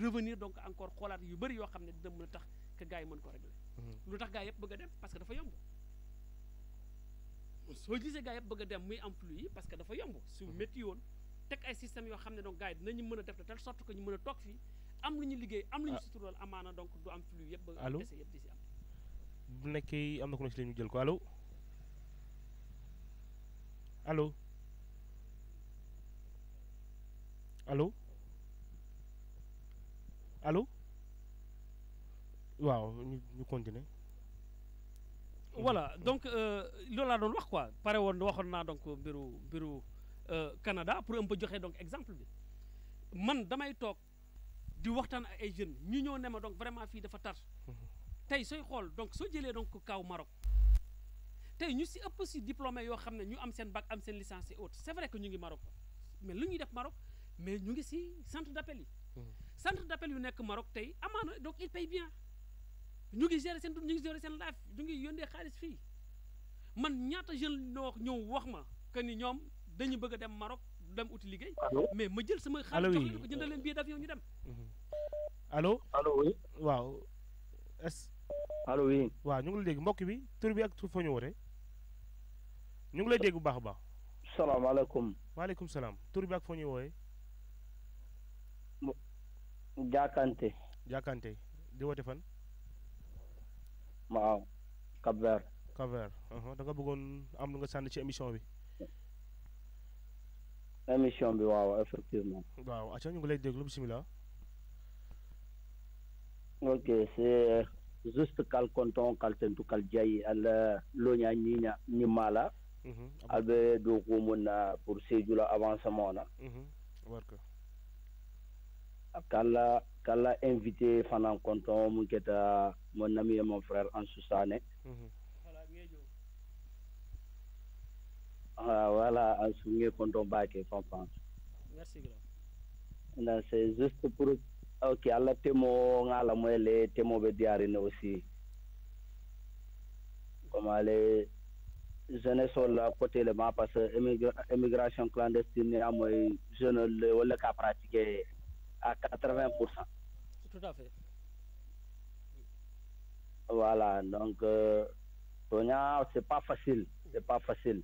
revenir donc encore xolaat yu bari yo xamne dina mëna tax ke gaay mën ko régler mhm. tax gaay yépp bëgg dem parce que dafa yomb so gisé gaay yépp bëgg dem muy am pluie parce que dafa yomb su metti mhm. won tek ay système yo xamne donc gaay dinañu mëna def de sorte que ñu mëna tok fi am luñu liggéey am luñu ah. sutural amana donc du am pluie yépp ba essay yépp di am bu nekké am na ko ci lañu jël ko allo allo allo waaw ñu ñu continuer voilà donc euh, laa doon wax quoi pare woon waxoon naa donc bureau, euh, Canada pour un peu joxe donc exemple bi man damay toog di waxtaan ak ay jeunes ñu ñëw néma donc vraiment fi dafa tar tay soy xol donc so jëlee donc kaw Maroc tay ñu si ëpp si diplômé yo xamné ñu am sen bac am sen licence et autres c'est vrai que ñu ngi Maroc mais lu ñuy def Maroc mais ñu ngi si centre d'appel yi hmm centre d'appel yu nek Maroc tay amana donc il paye bien ñu ngi gérer sen dund ñu ngi gérer sen laaf ñu ngi yónnee xaliss fi man ñaata jeune noo ñew wax ma que ni ñom dañu bëgg dem Maroc dem outil liggéey. mais ma jël sama. xaliss xaalis jox jëndal leen billet d'avion ñu dem. allo mm-hmm. allo oui. waaw est. allo oui. waaw ñu ngi la dégg mbokk bi tour bi ak tour fa ñu wootee ñu ngi lay dégg bu baax a baax. salaamaaleykum. waaleykum salaam tour bi ak foo ñuy wooyee. Jakante. Jakante. Di wote fan? Waaw. Kaver. Kaver. Uh -huh. Da nga bëggoon am lu nga sànni ci émission bi. Émission bi waaw effectivement. Waaw, acca ñu ngi lay déglu bismillah. Ok, c'est juste kal konton kal tentu kal jay al loña ñiña ñi mala. Mhm. Uh-huh. Mm Albe do ko mun pour séjula avancement na. Mhm. Mm Warka. kala kala invité fana konton mun keta mon ami et mon frère en Sane mm ah, voilà quand on e konton baake fanfan merci grand c'est juste pour ok alla temo ngala moyle témoin be diari ne aussi comme allez jeunesse la côté le ma parce que immigration clandestine je ne le wala ka pratiquer à 80 Tout à fait. Voilà, donc euh, c'est pas facile, c'est pas facile.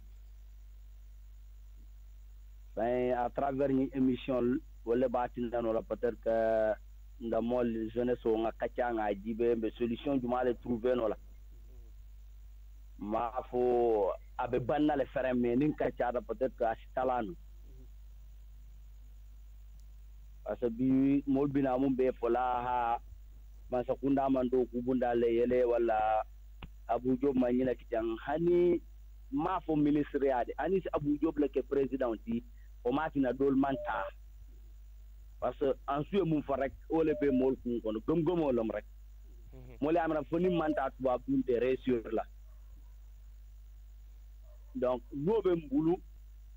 Ben, à travers une émission, wala batindan peut-être que la mol jeunesse on kachan a nga la mais solution mal mal trouver mais la ma faux abe banna le ferme mais une peut-être que asitalan asabi mol bina mun be folaha masa kunda man do kubunda le yele wala abujo manyina kitan hani ma fo ministre ade ani si abujo le ke president di o ma tina dol manta parce que en suye mun fa rek o le be mol kun kono gom gomo lom rek mhm. mole amra fo ni manta tuba bun de resur la donc no mbulu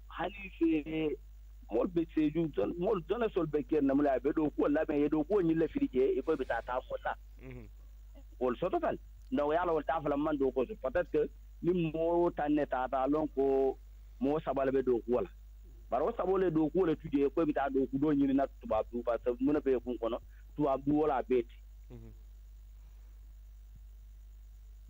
hani fe mol be seju ton mol ton sol be ken na mula be do ko la be do ko ni la firije e ko be ta ta ko la mhm. wol soto tal ndaw yalla wol ta fala man do ko so peut-être que ni mo tan ne ta ta lon ko mo sabal be do ko la baro sabole do ko le tuje ko be ta do ko do ni na tuba que mun be kun kono tuba bu wala beti mhm.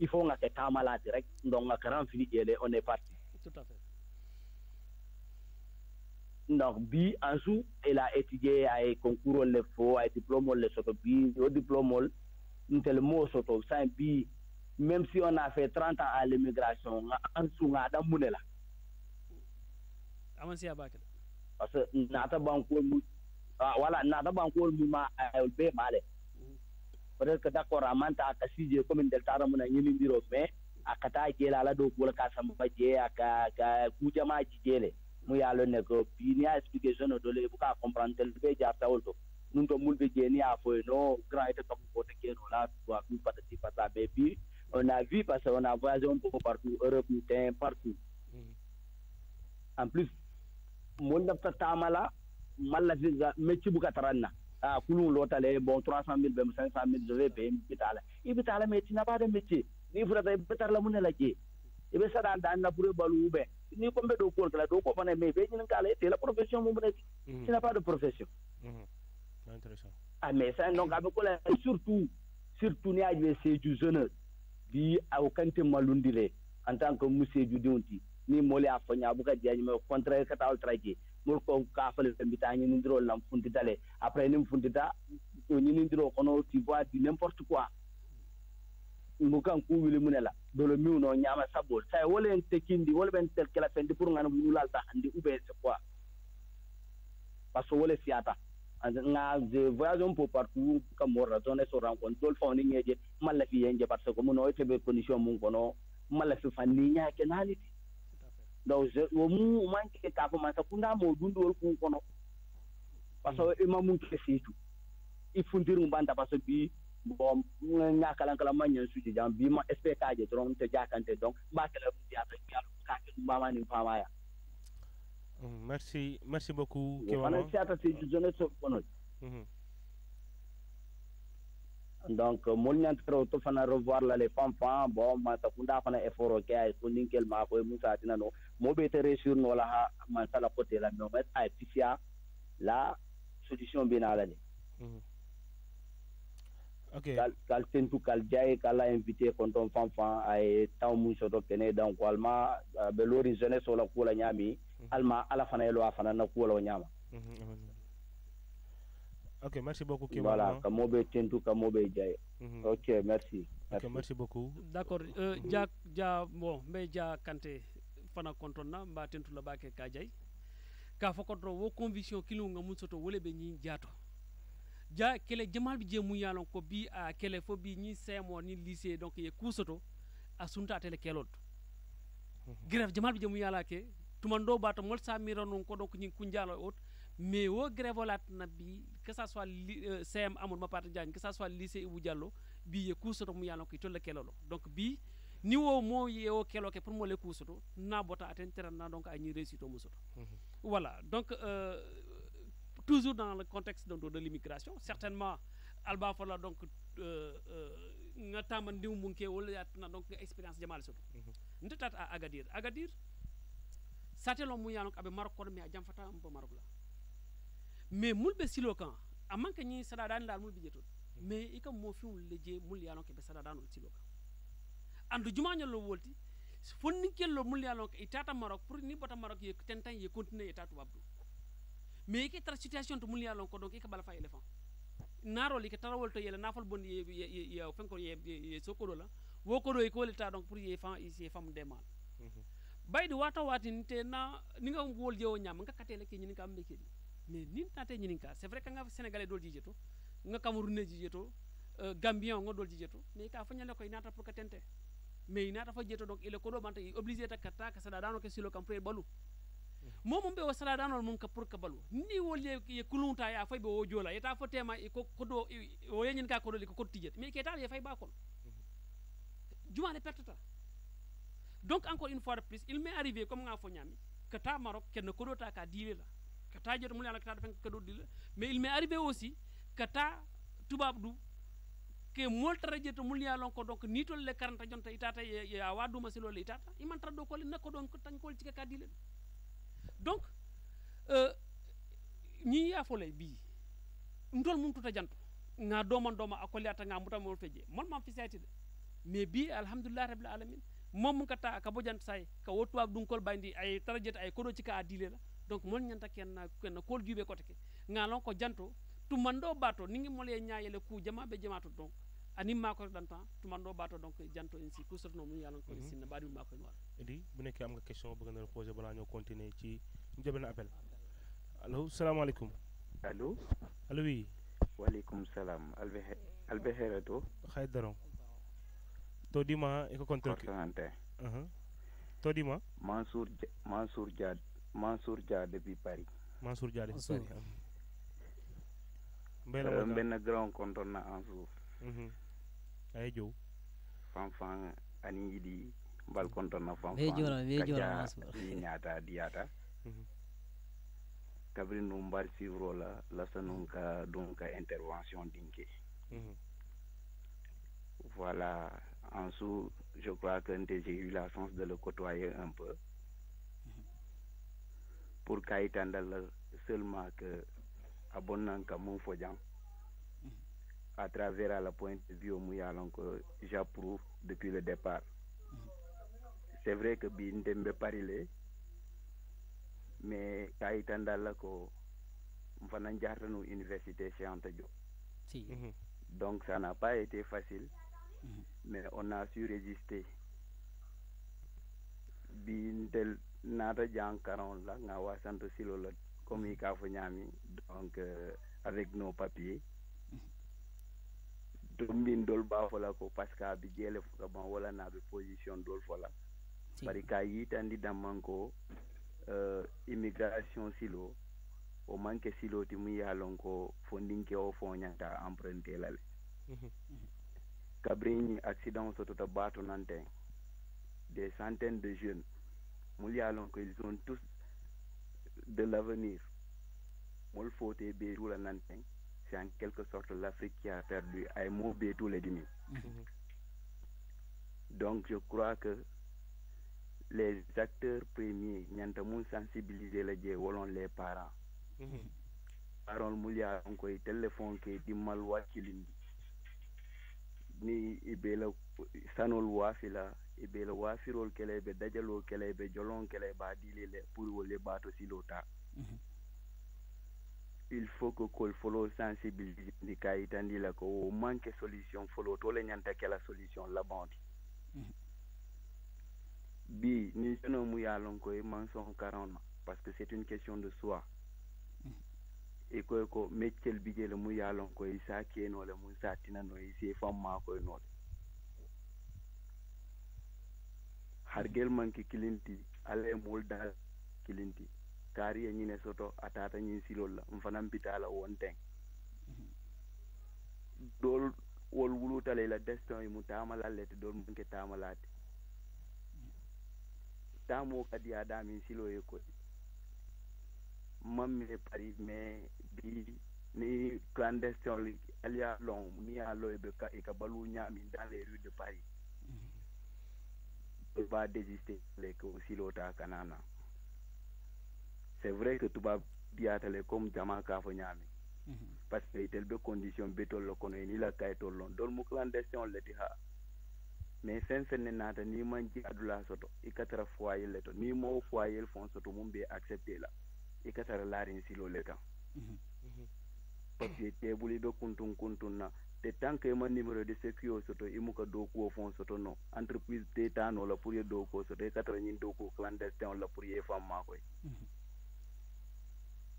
il faut nga kɛ taama la direct donc nga karan fili on est parti. tout à fait. donc bi en dessous, elle a étudié a ye concours le faux a ye diplôme le soto bi o diplôme ntel mo soto san bi même si on a fait 30 ans à l'immigration nga en sous nga da mune la. amansi abakar. parce que naata banko mu ah voilà naata banko mu ma a ye bɛɛ ma peut-être que d'accord amanta aka sije commune del tara mun anyini ndiro me aka ta jela ala do bula ka samba je aka ka kuja ma jele mu ya lo ne ko bini a explication do le bu ka comprendre tel be jarta wolto nun to mulbe je ni a fo no grand eta ko ko te ke no la ku patati pata be bi on a vu parce a voyagé un peu partout Europe partout en hmm. plus mon dafta tamala malla fi mecci bu ka taranna ah kulun lota le bon 300 000 ben 500 000 je vais payer bitala eh, ibitala mais tu n'as pas de métier ni frata eh ibetar la munela ki ibe sada dan na balu be ni ko be do ko kala do ko bana mais be ni kala la profession mo bana mhm. tu n'as pas de profession hmm intéressant ah mais ça donc avec quoi surtout surtout ni ajwe c'est du jeune bi aw kante malundile en tant que monsieur du donti ni mole afanya buka diagne mais kontra kata al traje mul ko kafale mbita ñi ndiro lam funtita le après nim funtita ñi ndiro kono tu vois du n'importe quoi mu kan ku wili munela dole mi no nyama sabo sai wala en tekindi wala ben tel kala fendi pour ngana mu lalta andi ube quoi parce que wala siata nga je voyage un peu partout comme mo raison so rankon dol fawni ngeje malla fi yenje parce que mu no tebe condition mun kono malla fi fanni nyaake naliti donc womu manke tapo masa kunda mo dundol ku kono parce que ima mun ke situ mu banda parce bi bon nyakala kala manya suji jam bi ma spectacle tron te jakante donc ba kala mu ya ta ka ke mama ni fama ya mm, merci merci beaucoup ke wana tiata ti jone so kono mm-hmm. donc mol nyant tro to fana revoir la les pampan bon ma ta kunda fana effort ke ay ko ninkel ma ko musa tinano mo ɓeytere surno wala ha man sala côté la mais o mayt a pisiya la solution mbinalani mhm. kal tentu kal jaye kala invité konton fanfan aye taw so soto kene donc alma ɓe lori jeunesse ola kuwola ñaami mhm. alma ala fana yelo a fana na kuwola o mhm, ok merci beaucoup Kim voilà kamo ɓe tentu kamo ɓe jaye ok merci ok merci beaucoup d'accord euh, jak ja bon mbe ja kanté fana kontonna mba tentula bake ka jay ka fo kodoro wo conviction nga mun soto wole be ñin jaato ja kele jamal bi je mun yalon ko bi a kele fo bi ñi semo ni lycée donc ye kusoto a sunta tele kelod mhm. grève jamal bi je mun yala ke tumando bato mol sa ranon ko donc ñi kunjalo ot mais wo grève lat na bi que ça soit sem cm ma part diagne que ça soit lycée ibou diallo bi ye kusoto mu yalon ko tole kelolo donc bi ni wo mo yewo kelo ke pour mo le kusoto na bota aten teranna donc ani ni mo soto voilà donc euh, toujours dans le contexte donc, de l'immigration certainement alba fola donc euh, euh, nga tama ndiw mun ke wala yatna donc expérience jamal soto mhm. ndetat a agadir agadir satelo mu yanok abe maroko mi a jamfata mbo marok la mais mulbe silo kan a manke ni sada dan la mulbe jeto mhm. mais ikam mo fiul leje mul yanok be sada danul silo kan andu jumañollo wolti fonni kello mulyalon ko itata tata marok pour ni bota marok ye ten tan ye continuer e tatu wabdu mais ki tara situation to mulyalon ko donc e fa bala naro li ke tarawol to yele nafal bon ye ye ye fenko ye ye sokodo la wo do e ko kolita donc pour ye fa ici fam demal mm -hmm. baydi wata ni te na ni nga wol jewo nyam nga katele ke nyini kam mekeli mais nin tate nyini ka c'est vrai que nga sénégalais dol jijeto nga camerounais jijeto uh, gambien nga dol jijeto mais ka ñale koy nata pour ka tente mais inata jeeto donc ele ko ɗo manta i obligé takkatta ka saɗa ɗano ke silo kam pour e ɓalu momum ɓe o saɗa ɗanol mum ka pour ka ɓalu ni wol ye kulunta ya fay ɓe o joola yeta fo tema koɗo o yeñin ka koɗoli ko jet mais ketano ye fay ɓakol juma ne pertata donc encore une fois de plus il m'est arrivé comme nga fo ñami que ta maroc kenn ta ka diile la ka ta joto mu leana ka ta defen ka ɗo mais il m'est arrivé aussi que ta tubab du ke moltara jeto mulniya lon ko donc ni tolle karanta jonta itata a waduma silole itata imantara ɗo kole nakko ɗon tankol cika kadilen donc euh, ñi yafole bi ndol mum tuta janto nga doman doma a kolliyata nga mutam wol feje mon mam fisati de mais bi alhamdulillah rabbil alamin mom mun kata ka bojant say ka wotuwa dun kol bandi ay tarajeta ay kodo cika a dile la donc mon nyanta kenna kenna kol jube kote ke nga lon ko janto tumando bato ningi mole nyaayele ku jama be jama to donc anim makoy ɗantan tumanɗo ɓato donc janto en si kusornomu yalan koye mhm. sinna mbaɗimi makoye noir idi bu nekkee am nga question bëgg na posé balaa ñoo continuer ci ñu jël benn appel allo salaamaaleykum allo allo oui waaleykum salam albe albe heere to haydaro to dima eko contreante uh-huh. to dima mansour mansour dia mansour depuis paris mansour dia depuis paris mbela euh, mbenn grand contourna eeyi fanfan anin yiɗi mbal kontonna fanfankajaɗi ñaata diyata mhm. kabri num mbar suivre la sa num ka ɗum ka intervention ɗinke mhm. voilà en sous je crois que j'ai eu la chance de le côtoyer un peu pour kayitandal seulement que Abonanka ka mum fojan à travers la pointe de vue que euh, j'approuve depuis le départ. C'est vrai que Bindembe mais Kaitandala Université Si. Mhm. Donc ça n'a pas été facile, mhm. mais on a su résister. comme mhm. donc euh, avec nos papiers ɗum min ba bafola ko par ce que aɓe jeele foka ban walanaɓe position dol fola bari ka yitandiɗan man ko euh, immigration silo o manque silo ti mum yaha lon ko fondinke o foñanta emprunté lale mhm. kabriñi accident sotota bato nanten des centaines de jeunes mul yaha lon ko ils ont tous de l'avenir mol fote ɓe tuula nanten c'est en quelque sorte l'Afrique qui a perdu Aïmo tous les demi. Mm -hmm. Donc je crois que les acteurs premiers, nous sensibiliser les Wallon, les parents. Mhm. Parents moulia encore téléphone qui dit mal ni ibela sanol wafila ibela wafirol kelebe dajalol kelebe jolon ba adilele pour le bateau silota. Mm -hmm il faut que kol folo sensibilise ndi ka itandi la ko o manque solution folo to le nyanta kala solution la bondi mm -hmm. bi ni jono mu yalon ko e manson karona parce que c'est une question de soi mhm. Et e ko ko meccel bi jele mu yalon ko e sa keno le mu sa tinano e se famma ko e not hargel mhm. manki kilinti ale mul dal kilinti kaari e ñine soto a tata ñin silol la m fanan bitala wonten dool wol wulutale la destin yi mu taamalalle te dool munke taamalaate taamoo kadi a damin silo ye koy mamme pari mais bi ni clandestin li aliya long ni a lo e be ka e ka balu ñaamin dans les e rues de paris mhm. ba désisté le ko silota kanana c'est vrai que tuba biyatale comme jama kaafo ñaami mm -hmm. par que itel be condition be tollo kono en ila kay e tollon dol mu clandestin le ti ha mais sen fenne naata ni man ji adula soto i katara foyer le to ni mo foyer fon soto mum be accepté la i katara laarin silo le kan mm -hmm. parce que tebuli be kuntun kuntun na te tant que ma numéro de sécuo soto i muka dokuo fon soto no entreprise tetano la pour ye dokuo soto i katara ñin dokuo clandestin la pour ye famma koy mm -hmm.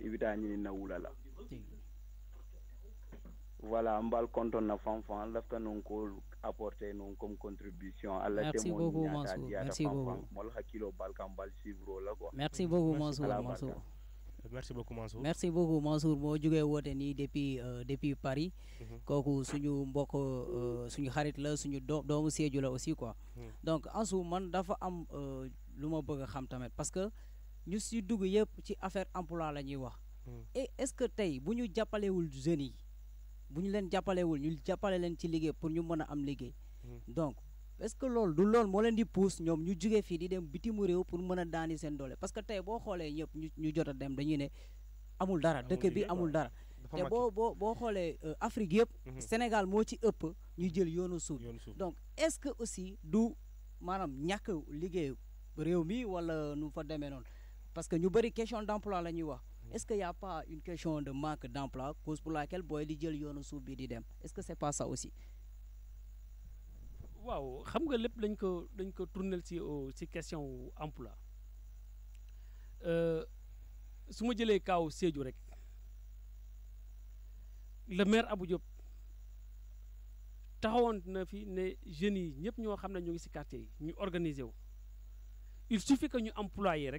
la voilà apporter comme contribution à la oh, merci beaucoup merci beaucoup merci beaucoup Mansour merci beaucoup Mansour merci beaucoup Mansour depuis euh, depuis Paris mm-hmm. suñu euh, suñu xarit la suñu aussi quoi mm. donc en man dafa am euh, lu bëgg parce que ñu si dugg yëpp ci affaire emploi la ñuy wax. Hmm. et est-ce que tey bu ñu jàppalewul jeunes yi bu ñu leen jàppalewul ñu jàppale leen ci liggéey pour ñu mën a am liggéey. Hmm. donc est-ce que loolu du lool moo leen di pousse ñoom ñu jugee fii di dem bitimu réew pour mën a daani seen doole parce que tey boo xoolee ñëpp ñu ñu jot a dem dañuy ne amul dara dëkk bi amul dara. te boo boo boo xoolee euh, Afrique yëpp. Hmm. Sénégal moo ci ëpp ñu jël yoonu suuf. donc est-ce que aussi du maanaam ñàkk liggéey réew mi wala nu fa demee noonu. parce que nous avons une question d'emploi hein. est ce qu'il n'y a pas une question de manque d'emploi cause pour laquelle Boy li jël yoonu suuf bi di est ce que ce n'est pas ça aussi. waaw xam nga que avons ko dañ ko tournel ci ci question d'emploi. emploi euh, su ma le maire Abou Diop il na fi ne jeunes qui ñëpp ñoo il suffit que nous employions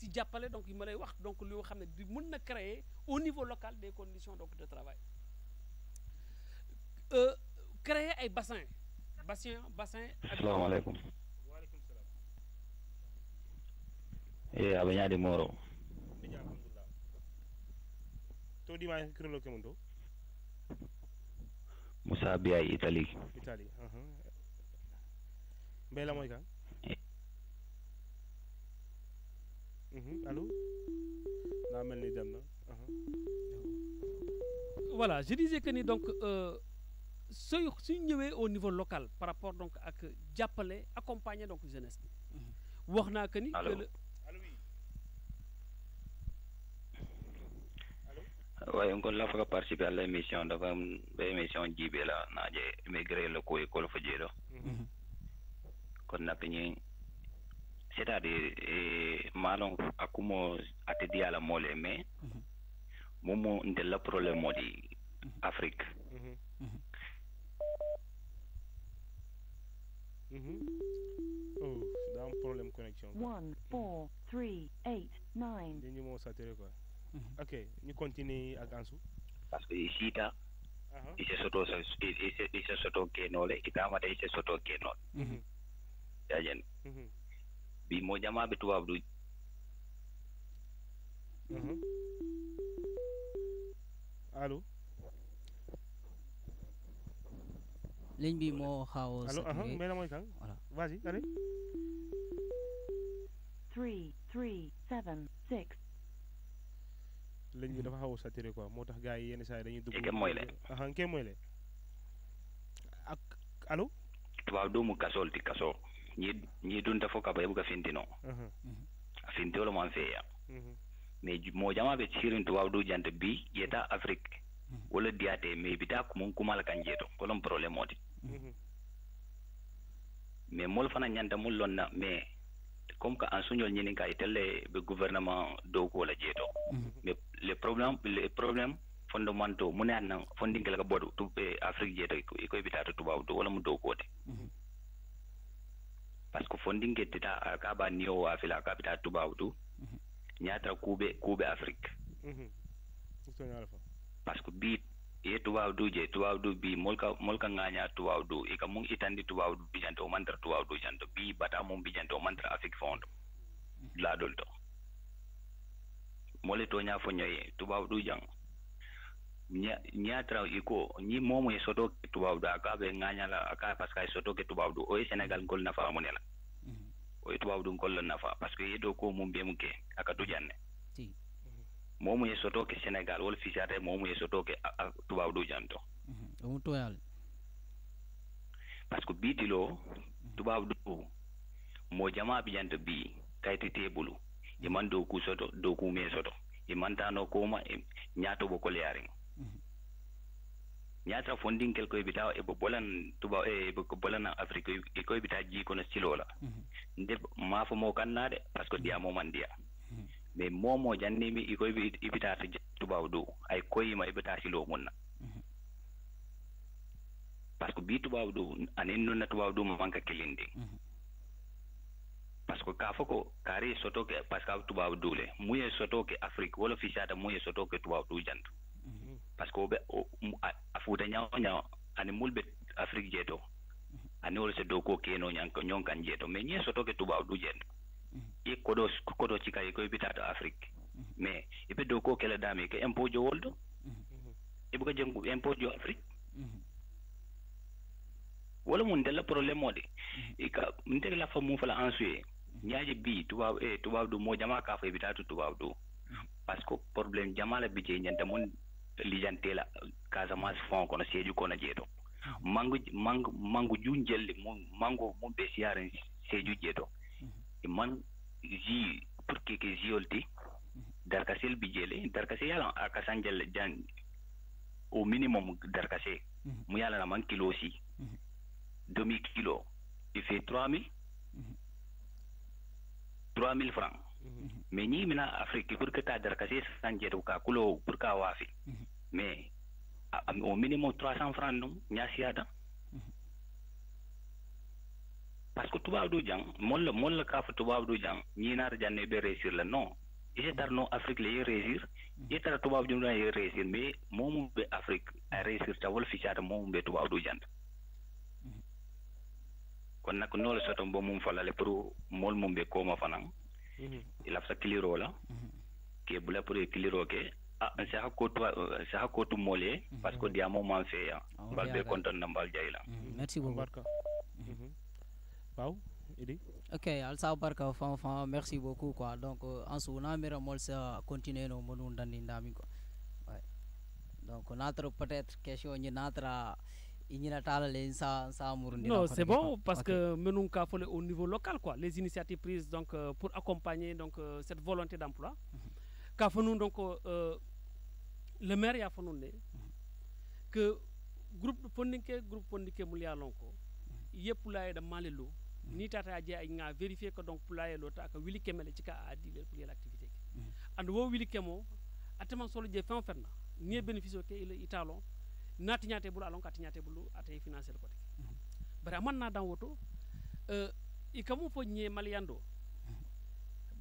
si donc il me que donc au niveau local des conditions de travail euh, créer un bassin bassin bassin comme eh, moussa italie italie uh-huh. Mhm. allo naa mel ni dem na. voilà je disais que ni donc euh, sooy suñ ñëwee au niveau local par rapport donc ak jàppale accompagner donc jeunesse bi. Mhm. wax naa que le... Allô, Allô allo on ngon lafaka participer à l'émission dafa am ba émission jibe la naaje immigré le locaux école Fajero kon nak ñi c'est à dire maa lon a kumo ate diyala moole mais momo ndella probléme o di afrique Oh, da am problème connexion. One, four, three, eight, nine. Dañu moo saturé quoi. Mhm. Ok, ñu continue ak Ansu. Parce que siita. ise soto ise soto kenoole itaamata ise soto kenoole. Jaajeen. bi moo jamaa bi tubaab du. Mhm. allo. ligne bi moo xaw a. allo uh-huh, mais la mooy kan. voilà vas-y allez. 3 3 7 6. bi dafa xaw a saturé moo tax gaa yi yenn saa yi dañuy dugg. mooy le. ah uh-huh, Nkem mooy le. ak allo. tubaab doomu kasool ti kaso. ñi dunta fo kaba yebuka fintino a mhm. mhm. fintewolo man feeya mais mhm. moo jama ɓe sirin tubaw du janta bi jeta afrique wala diyate mais bita kumun kumala kan jeeto kolon probléme oti mais mol fana ñanta mul na mais comme que an suñol ñinin kay telle be gouvernement do ko la jeeto mais les problèmes les problèmes fondamentaux mu ne an nan fondinkel ka bodu tu eh, afrique jeeto ko bita to tubaw do wala mu do ko te parce que que fondin geddita akaɓa niyo wafila akaɓita tubaw du ñata mhm. kuuɓe kuuɓe afrique mhm. par ce que bi ye tubaw du je tubaw du bi molka molka ŋaña tubaw du ika mun itandi tubaw du bijante o mantar tubaw du janto bi bata mun bijante o mantar afrique fondo mhm. laadol to mole to ña fo ñoye tubaw du jang ñaatiraw i ko ñi momu e sodoke tubaaw du a ka ɓe ŋañala a ka par ce que a e sodoke tubaaw du o ye sénégal ngol nafa mu mhm. ne la o ye tubaaw du ngol lo nafa par ce que ye do ko mum mbemu ke a ka dujanne momu ye sodoke sénégal wol fisate momu ye sodoke a tubaaw du janto mhm. par ce que biitilo mhm. tubaaw du mo jama ɓijanto bi kayti teebulu e man dow ku soto dow ku me soto e mantano kooma e ñaato bo koleyaariŋo yata kel koy bita ebo bolan tuba ebo ko bolan afrique e koye bita jii kono silo la mhm. nde maafo mo kannade par ce que ndiya moman ndiya mais mhm. mi e ikoye ibita to tubaw do ay koyima ibita silo munna mhm. parce que bi tubaw do anen nonna do mo manka kelinde parce que k'a fɔ ko kaari soto ke parce que a tubaw dow le muye soto ke afrique wala fisata mun ye soto ke tubaw do jantu parce ce que a fuutañaoña ani mulɓe afrique jee to ani wol se dow ko keno ñon kan jee mais ñe soto ke tubaw du jeen i koɗo koɗo cika i koye bitata afrique mais iɓe dow ko kele dami ke impôt jo wolɗo iɓe ko jengu impôt jo afrique wala mun della probléme o de ika nte la fa mum fala ensuye ñaaje bi tubaw e eh, tubaw du mo jama ka fa ibitatu tubaw du parce que problème jama la bije ñanta mun lijantela casamance fon kono seeju kono jeeto mangu mangu mangu junjelle mango mum ɓe siyaren seeju jeeto mhm. e man ji pour que ke jiyolti mhm. darkasel bijele darkase yalan a kasanjal jan au minimum darkase mhm. mu yalana man kilo si demi kilo il fait trois mille trois mille francs mais ñi mina afrique pour que ta darkase sanjeto ka kulo pour ka waafi mais ah, au minimum 300 francs non n'y a ñasiyata par parce que tu vas tubabɗo jang molla molla kafa tubabɗo jang ñinata ne peut réussir là non ije tarno afrique le ye réussir ye tara tubabɗo ɗum ɗan les réussir mais mon be afrique a réussir tu vas le ta wala ficata momum ɓe tubabɗo janta kono nak noole soto bo mum falale pour mol mum ɓe koma fanan i lafta kiliro la ke bula pour e kiliro ke saka kotu saka de Molé, parce que diamo man fe ya mbal be konton na mbal jayla merci beaucoup waaw idi ok alsa barka fan fan merci beaucoup quoi donc euh, en ce moment, mera mol sa continuer no monu ndandi ndami quoi ouais donc notre peut-être question ni notre non, c'est bon parce okay. que nous avons au niveau local quoi, les initiatives prises donc, euh, pour accompagner donc, euh, cette volonté d'emploi. Mm -hmm. Nous donc euh, le maire yaafanoonne que groupe pondinke groupe pondinke mul yaalonko yeppulayeɗo maalelo ni tata jeeyi ga vérifié que donc pulayelo ta ko wili kemele cika a addi lel pour yel activité ke anda wo wili kemo attema solo je fen fenna ni bénéfice o ke ila italon na tiñate bulu alon ka tiñate bulu ataye financiére côté ke bara amanna dan woto euh, i kamu fo ñe maliyando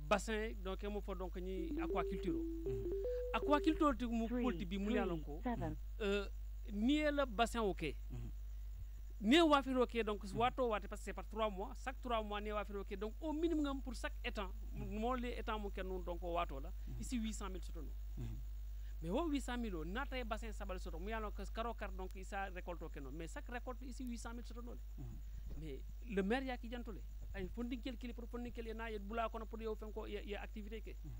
bassin donc mo donc ni aquaculture mhm. aquaculture mu mu euh, bassin oké mhm. donc c'est par trois mois chaque mois donc au minimum pour chaque étang mhm. ici 800 000 mais 800 000 bassin sabal mu ko karo kar donc ça récolte mais chaque récolte ici 800 000 mais le maire ya ki ay fondinkel kilipoto fondinkel ye na yet bula kono pour yow fen ko ye activité ke mhm.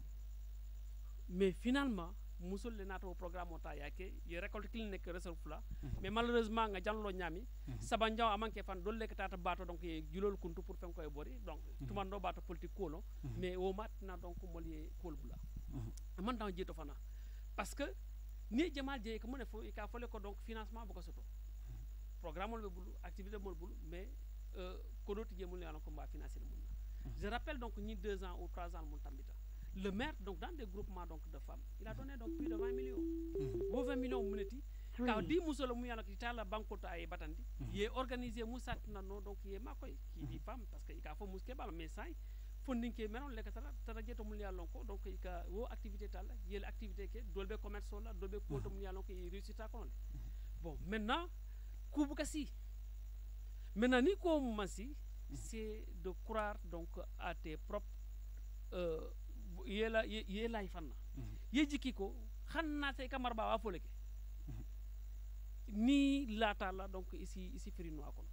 mais finalement musul le naata o programme o ta yake yo récolte clinique resol fula mhm. mais malheureusement nga janlo ñaami mhm. saba njaw amanke fan dolle ke tata bato donc ye julol kuntu pour fen koye bori donc tumando bato politique kuolo mais wo matina donc mol ye kuol bula man tan jeeto fana parce que ni jamal jeeye ko mu ne fo ka fole ko donc financement boko soto programme ol be bulu activité mol Euh, mm-hmm. Je rappelle donc ni deux ans ou trois ans Montambita. Le maire, donc dans des groupements donc, de femmes, il a donné donc plus de 20 millions. Mm-hmm. Vous 20 millions, vous quand dit musolo mu yana la banque ta e batandi mm-hmm. ye organisé musa nano donc il est makoy qui dit femme parce que ka fo muske bal mais ça. funding est menon le katara tara jeto mu yalon ko donc ka wo activité il ye activité ke dolbe commerce la dolbe ko to mu yalon ko réussita kon bon maintenant kubu kasi Maintenant, Nico Massi, c'est de croire donc à tes propres. Euh, yela la ifanna mm-hmm. ye jikiko xanna te kamar ba wa foleke mm-hmm. ni lata la donc ici ici firino akono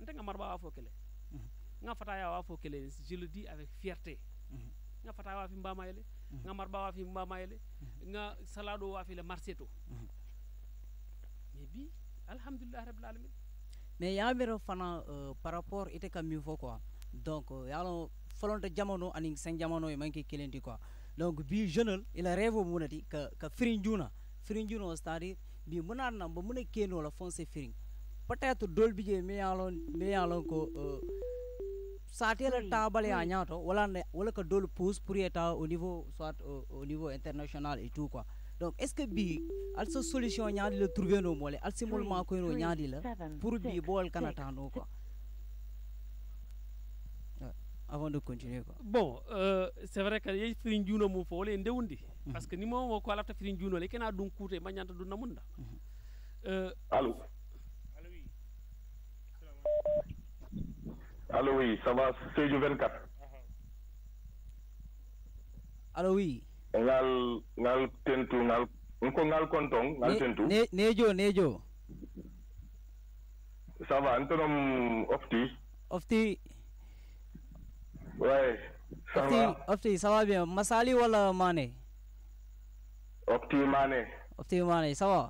nte nga marba wa fo mm-hmm. nga fataya wa fo je le dis avec fierté nga fataya wa fi mbama yele nga marba wa fi mbama yele nga salado wa fi le marseto mais bi alhamdulillah rabbil alamin mais y'a bɛrɛ fana uh, par rapport i tɛ ka min fɔ quoi donc euh, y'a lɔn fɔlɔntɛ jamano ani sɛn jamano ye man kɛ di quoi donc bi jeune il rêve di ka ka firin juna c'est à dire bi muna na ba muna ke no la fon firin peut-être dol bi je me y'a lɔn me y'a lɔn ko uh, satela wala ne, wala ka dol pousse pour eta être au niveau soit euh, au niveau international et tout quoi donc est ce que bii also solution ñaadila trouvéno moole alsimol ma koyno ñaadila pour bii bool kanatano quoi avant de continuer quoi bon euh, c'est vrai que yeyi firin juuno mum fo wole ndewndi mm -hmm. par ce que ni momo ko alafta firin juunole kena ɗum kuute mañanta ɗum namunda mm -hmm. euh, allo allo oui allo oui ça va Sédhiou 24 allo oui ngal ngal tentu ngal ngal kontong ngal tentu ne nejo nejo ça va antonom ofti ofti ouais ofti, ofti ça va masali wala mané ofti mané ofti mané ça va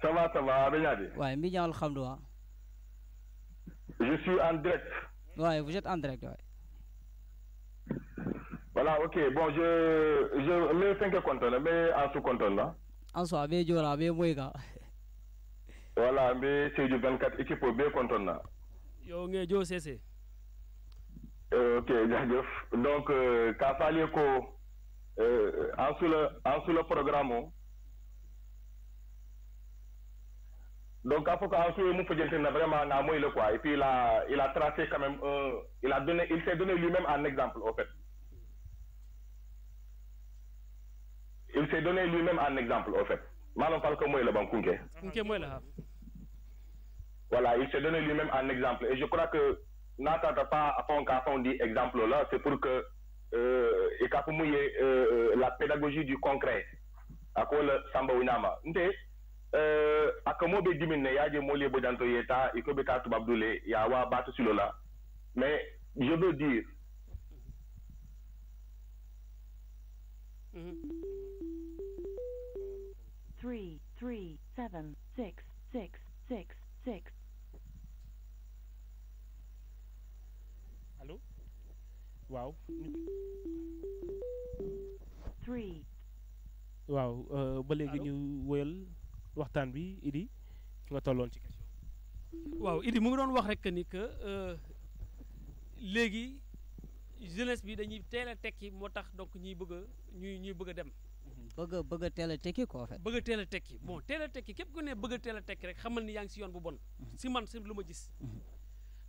ça va ça va benyadi ouais bien alhamdoulillah je suis en direct ouais vous êtes direct Voilà, ok. Bon, je. Je. mets 5 comptes, mais en sous content, là. Hein. En soi, mais je l'avais moué, Voilà, mais c'est du 24 équipe pour bien content, là. Yo, n'y a pas de Ok, Jadjof. Donc, euh, Kafalieko, euh, en sous le programme. Oh. Donc, il a en sous le programme, il a vraiment moué le quoi. Et puis, il a, il a tracé quand même. Euh, il s'est donné lui-même un exemple, en fait. il s'est donné lui-même un exemple, en fait. Malon parle comme moi, le moi, là. Voilà, il s'est donné lui-même un exemple. Et je crois que n'attends pas à fond qu'à dit exemple là, c'est pour que euh, et qu'à euh, euh, la pédagogie du concret. À quoi le samba nama. Nde, à euh, comme on dit, ya de molie bodanto yeta, et que beka tubabdoule, ya wa batu sulola. Mais je veux dire. Mhm. three three seven six six six six. Hello. Wow. three. Wow. Uh, léegi ñu woyal waxtaan bi Idi nga tolloon ci question. waaw Idi mu ngi doon wax rek ni que léegi jeunesse bi dañuy teel a tekki moo tax donc ñuy bëgg ñuy ñuy bëgg dem. bëgg a bëgg teel a tekki koo fet bëgg a a tekki bon teela a tekki képp ku ne bëgg a a tekki rek xamal ni yaa ngi si yoon bu bon mhm. si man si lu ma gis mhm.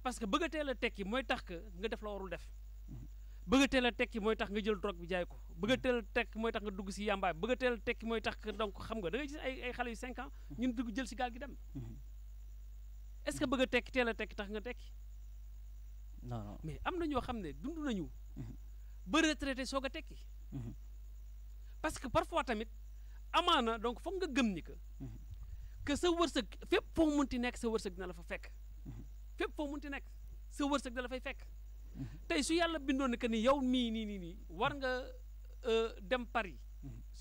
parce que bëgg a teel a tekki mooy tax que nga def la warul def mhm. bëgg a a tekki mooy tax nga jël drogue bi jaay ko bëgg a teel a tekki mooy tax nga dugg si yàmbaay bëgg a teel a tekki mooy tax que donc xam nga da ngay gis ay xale yu 5 ans ñun dugg jël si gaal gi dem est-ce que bëgg tekki teel a tekki tax nga tekki non mais am na ñoo xam ne dund nañu ba retraité soog a tekki parce que parfois tamit amaana donc foog nga gëm ni que. Mhm. que sa wërsëg fépp foo munti nekk sa wërsëg dina la fa fekk. Mhm. fépp foo munti nekk sa wërsëg dina la fay fekk. Mhm. tey su yàlla bindoon ne que ni yow mii nii nii nii war nga euh, dem Paris.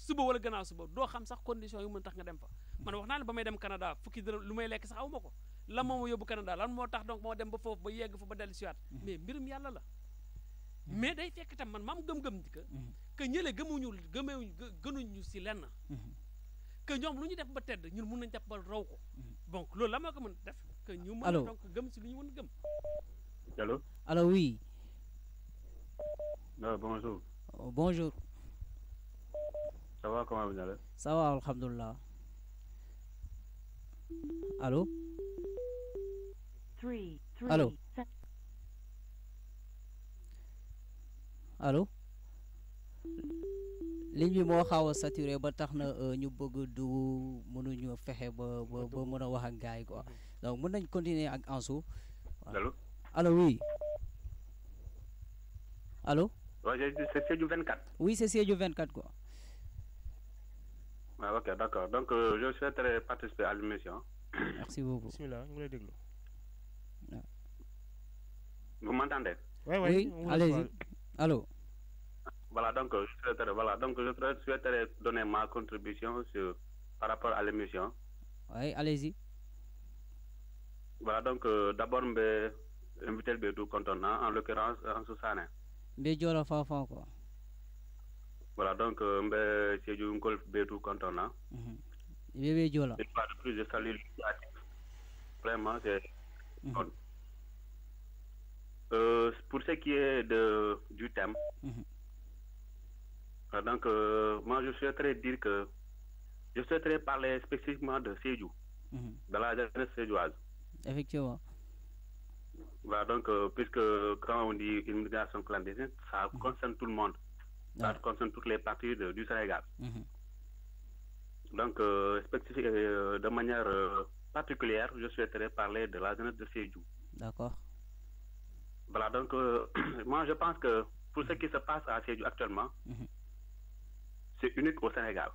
suba wala gannaaw suba doo xam sax condition yu mën tax nga dem fa. man wax naa ne ba may dem Canada fukki dërëm lu may lekk sax aw ma ko lan moo ma yóbbu Canada lan moo tax donc moo dem ba foofu ba yegg fa ba dellusiwaat. mais mbirum yàlla la. Mm-hmm. mais day fekk itam man maam gëm-gëm di que mm-hmm. que ñële gëmuñu gëmeew gënuñu si lenn mm-hmm. que ñoom lu ñu def ba tedd ñun mun nañ def ba raw ko donc loolu la moo ko mën def que ñu mën gëm si lu ñu mën gëm alo allo oui ah, bonjour oh, bonjour ça va comment vous allez ça va alhamdulilah allo allo allo ligne bi moo xaw a saturé ba tax na euh, ñu bëgg du mënuñu fexe ba ba ba mën a wax ak gars yi quoi donc mën nañ continue ak Ansou. allo allo oui allo. waaw c'est Sédhiou 24. oui c'est Sédhiou 24 quoi. waaw ah, ok d'accord donc euh, je souhaiterais participer à l'émission. merci beaucoup bismillah ñu ngi lay déglu. Ah. vous m'entendez. oui oui allez-y Voilà, donc je souhaiterais, voilà, donc je souhaiterais donner ma contribution sur, par rapport à l'émission. Oui, allez-y. Voilà, donc euh, d'abord, je inviter le on contenant, en l'occurrence, en Soussane. Bédiora la quoi. Voilà, donc, euh, vais c'est du golf Bédou contenant. Mhm. Bébé Diola. Et pas de plus, je salue Vraiment, c'est mhm. bon. Euh, pour ce qui est de, du thème, mhm. Euh, donc, euh, moi, je souhaiterais dire que je souhaiterais parler spécifiquement de Sédou, mhm. de la jeunesse sédouase. Effectivement. Voilà, donc, euh, puisque quand on dit immigration clandestine, ça mhm. concerne tout le monde. Ça concerne toutes les parties du Sénégal. Mhm. Donc, de manière particulière, je souhaiterais parler de la jeunesse de Sédou. D'accord. Voilà, donc, [CLEARS THROAT] moi, je pense que pour ce qui se passe à Sédou actuellement, c'est unique au Sénégal.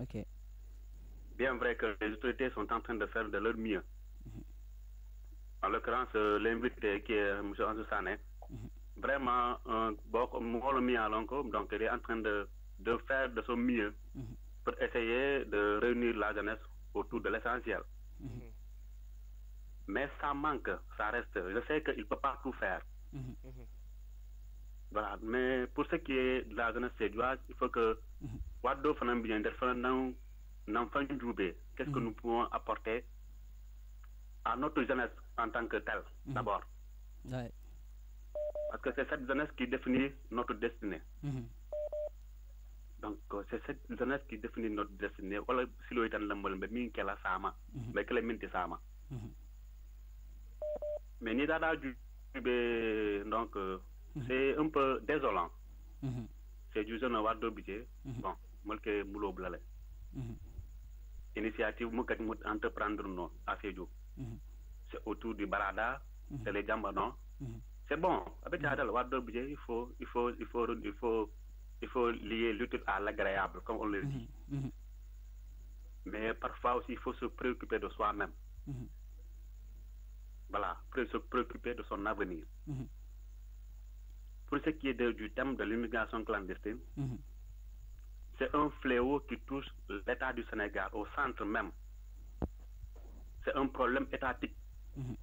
Ok. Bien vrai que les autorités sont en train de faire de leur mieux. Mhm. En l'occurrence, euh, l'invité qui est M. Anzou Sané, mhm. vraiment, un bon donc il est en train de, de faire de son mieux mhm. pour essayer de réunir la jeunesse autour de l'essentiel. Mais ça manque, ça reste. Je sais qu'il ne peut pas tout faire. Voilà, mais pour ce qui est de la jeunesse séduite, il faut que mhm. Wado Fanam qu'est-ce que mhm. nous pouvons apporter à notre jeunesse en tant que telle, mhm. d'abord Parce que c'est cette jeunesse qui définit notre destinée. Donc, euh, c'est cette jeunesse qui définit notre destinée. si l'on est en jeunesse, mais qu'elle a sama, mais qu'elle est sama. Mais ni Djoubé, donc. Euh, Mhm. c'est un peu désolant. Mhm. C'est du genre war do budget. Mhm. Bon, mal que boulot blalé. Initiative que kat entreprendre non à jours. C'est autour du Barada, c'est les non C'est bon, avec ça war do budget, il faut il faut il faut il faut il faut lier l'utile à l'agréable comme on le dit. Mais parfois aussi il faut se préoccuper de soi-même. Voilà, se préoccuper de son avenir pour ce qui est du thème de l'immigration clandestine, mhm. c'est un fléau qui touche l'État du Sénégal, au centre même. C'est un problème étatique. Mhm.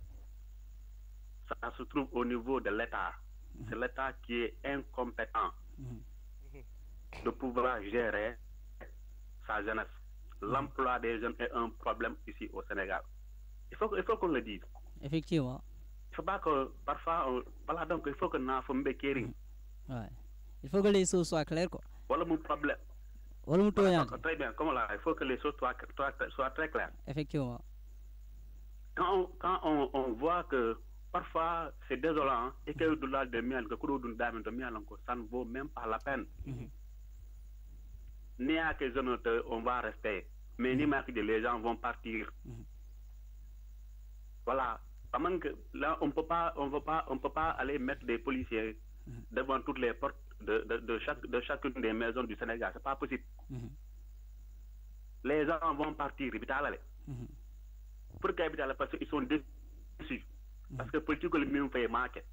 Ça se trouve au niveau de l'État. Mhm. C'est l'État qui est incompétent de pouvoir gérer sa jeunesse. L'emploi des jeunes est un problème ici au Sénégal. Il il faut qu'on le dise. Effectivement faut pas parfois on, voilà donc il faut que na fombe kering ouais il faut que les choses soient claires quoi voilà mon problème voilà mon problème très bien comme là il faut que les choses soient, soient, soient très claires effectivement quand on, quand on, on voit que parfois c'est désolant et que le dollar de miel que kudo dun dame de miel encore ça ne vaut même pas la peine ni à ah que je on va rester mais ni marque les gens vont partir voilà que là, on ne peut pas, on veut pas, on peut pas aller mettre des policiers devant toutes les portes de, chaque, de chacune des maisons du Sénégal. C'est pas possible. Les gens vont partir, aller. Pourquoi Parce qu'ils sont déçus. Parce que politique, le mieux fait marquer.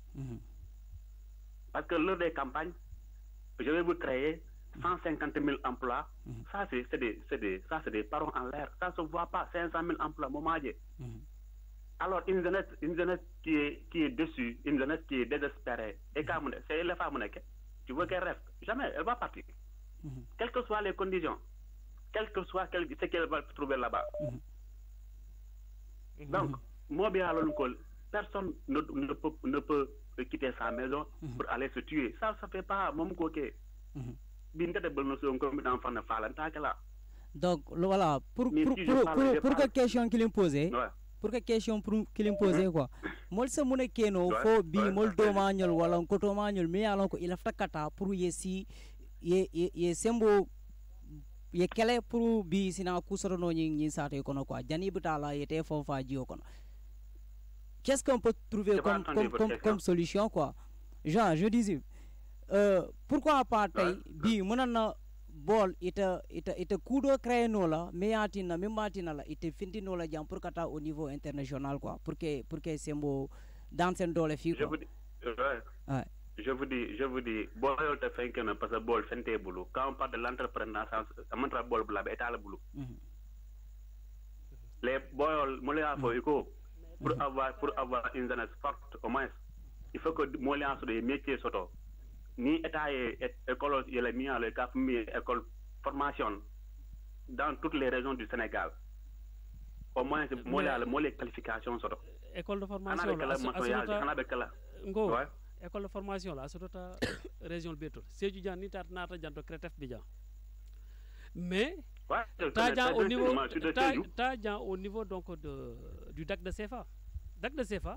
Parce que lors des campagnes, je vais vous créer 150 000 emplois. Ça, c'est des, des, des parents en l'air. Ça ne se voit pas. 500 000 emplois, alors une jeunesse qui est qui est déçue une jeunesse qui est désespérée et quand mhm. c'est la femme tu veux qu'elle reste jamais elle va partir mhm. quelles que soient les conditions quelles que soient ce qu'elle va trouver là-bas mhm. donc moi bien personne ne, ne, peut, ne, peut, quitter sa maison pour aller se tuer ça ça fait pas mon coquet donc voilà pour, pour, pour, pour que question qu'il me posait pour que question pour me posé mhm. quoi mol se mune keno fo bi mol do mañol wala ko to mañol mi alon ko ila kata pour yesi ye ye sembo ye kele pour bi sina ni ñi ñi saate kono quoi jani butala yete fo fa jio kono qu'est-ce qu'on peut trouver comme, comme, comme, comme, hein. solution quoi Jean, je disais, euh, pourquoi pas bi, mon bool ita ita ita kudo créenola meyatina membatinala ite findinola jam pour kata au niveau international quoi pour que pour que sembo dans sen dole fi quoi ouais. je vous dis je vous dis bol te fenkena parce que bol fente bulu quand on parle de l'entrepreneur amantra bol bla eta la bulu mm-hmm. les bol mole afo iko mm-hmm. pour mm-hmm. avoir pour avoir une jeunesse forte au moins il faut que mole aso de métier soto ni état et école il est mis en le école formation dans toutes les régions du Sénégal au moins mo la mo les qualifications soto école de formation à ana be kala go école de formation là [COUGHS] soto ta région beto seju jan ni tat nata janto cretef bi jan mais Tajan au niveau, ta, ta, au niveau donc de, du DAC de CFA. DAC de CFA,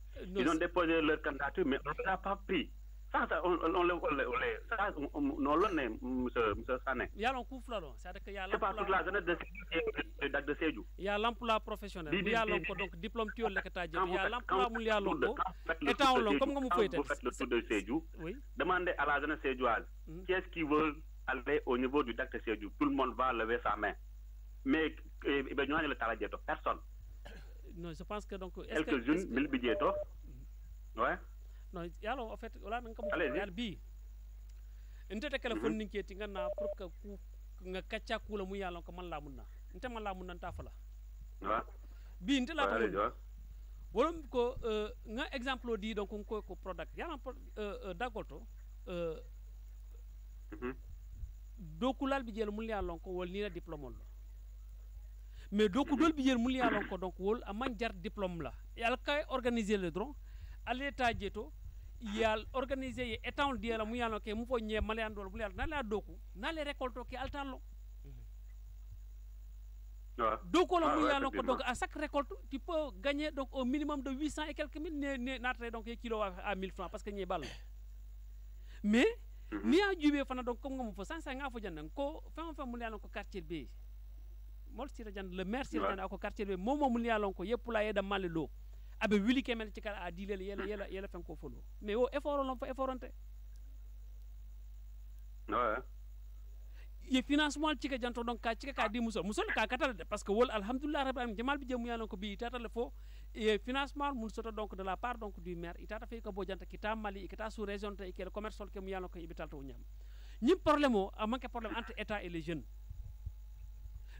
Ils ont déposé leur candidature, mais on ne l'a pas pris. Ça, ça, on, le on, on, ça, on, on l'a monsieur M. Sané. Il y a l'encoufle, non C'est-à-dire qu'il pas toute la jeunesse de, de Il y a l'emploi professionnel. Il y a l'emploi, donc diplôme tu as Il y a l'emploi il y a l'emploi. Et comme vous pouvez Vous faites le tour de Sédjou, demandez à la jeunesse séduale hmm. qu'est-ce qui veut aller au niveau du DAC de Sédjou Tout le monde va lever sa main. Mais, il y a le Personne. non je pense que donc. est-ce que quelques-unes bilibijéeto. oui. non yalla en fait wala nanga kamu yalla bi ntete kala fonni mhm. keti ganna pour que ku nga kacca kula mu yalla ko man la munna nte man la munna ta fala wa bi nte la ko wolom euh, ko nga exemple di donc ko ko product yalla euh dagoto euh, euh mhm. dokulal bi jël mu yalla ko wol ni la diplôme lo mais donc dol bi yer mun yalon ko donc wol a jar diplôme la yal kay organiser le dron à l'état djeto yal organiser et étant di la mu yalon ke mu fo ñe malayan dol bu yal na la doku na le récolte ke altan lo donc là, ah, ouais, donc, à chaque récolte, tu peux gagner donc, au minimum de 800 et quelques mille donc, et kilo à 1000 francs parce que n'y balles. Mais, ni mhm. à Dubé, donc, comme on fait, 150 francs, quand on fait un quartier B, mol sirajan le maire sirajan ako quartier ɓe momo mum yalon ko yeppula yeɗa malle lo aɓe wilike men cikata a dilel yela yela yela fen ko folo mais wo effort olon fa effortante onte ye financement ka janto donc ka ci ka di musol musol ka katal de parce que wol alhamdulillah rabbil alamin jamal bi jemu yalon ko bi tatal fo et financement mun soto donc de la part donc du maire itata fe ko bo janta kita mali kita sous région te le commerce sol ke mu yalon ko ibital to ñam ñim problème o a manqué problème entre état et les jeunes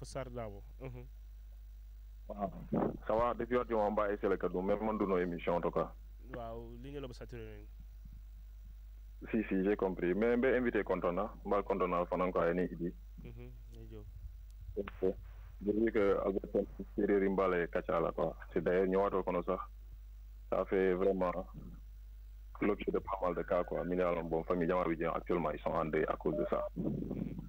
Fassar Dabo. Mhm. waaw ça va depuis waati moom bàyyi si le cadeau, même man dunoo émission en tout cas. waaw li ñu la ba saturé si si j'ai compris mais mbe invité kontona mbal kontona fanan ko ayani idi mhm, depuis que agotan sereri mbale kacala quoi c'est d'ailleurs ñëwaatoo kono sax ça fait vraiment l'objet de pas mal de cas quoi mi ne bon famille jama bi actuellement ils sont en deuil à cause de ça mhm.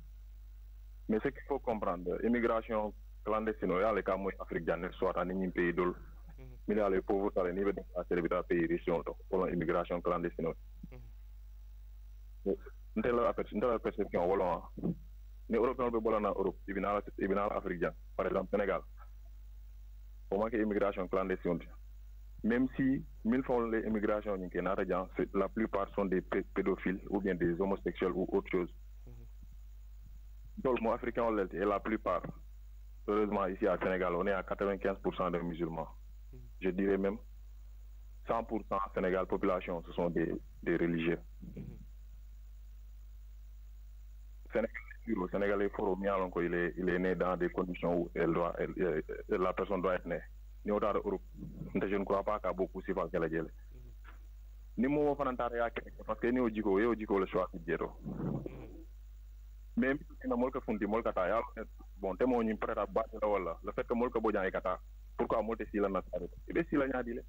Mais ce qu'il faut comprendre, l'immigration clandestine, il y a les cas africains, soit dans un pays d'eau. Mm-hmm. Mais a les pauvres, ça les des de la célébrité pays riches, pour l'immigration clandestine. Une mm-hmm. la perception, voilà. Hein. Les Européens, ils sont en Europe, ils viennent en Afrique, hein. par exemple, Sénégal. Comment que l'immigration clandestine même si mille fois l'immigration, la plupart sont des pédophiles ou bien des homosexuels ou autre chose ont africain et la plupart. Heureusement, ici à Sénégal, on est à 95% de musulmans. Je dirais même 100% Sénégal population, ce sont des, des religieux. Le Sénégal est fort il est, il est né dans des conditions où euh, la personne doit être née. je ne crois pas qu'il y a beaucoup de gens qui Ni moi, je ne parce que ni le choix ɓe mbittina molko funti molkata yaalo bon moo peut être a baɗira walla le fait que molko bojan e kata pourquoi molte silanataare eɓe sila ñaadi le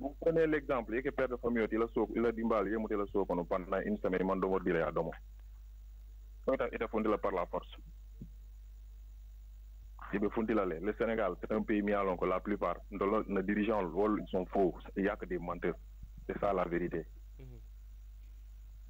vous prenez l' exemple yeke père de famille oti ila sook ila dimbaali yemuti ila sookono pendant une semaine man domordile ya domo oyta ita funtila par la force eɓe funtilale le sénégal c'est un pays miyalon ko la plupart ndolo no dirigeant wol ils sont faux il y a que des menteurs c'est ça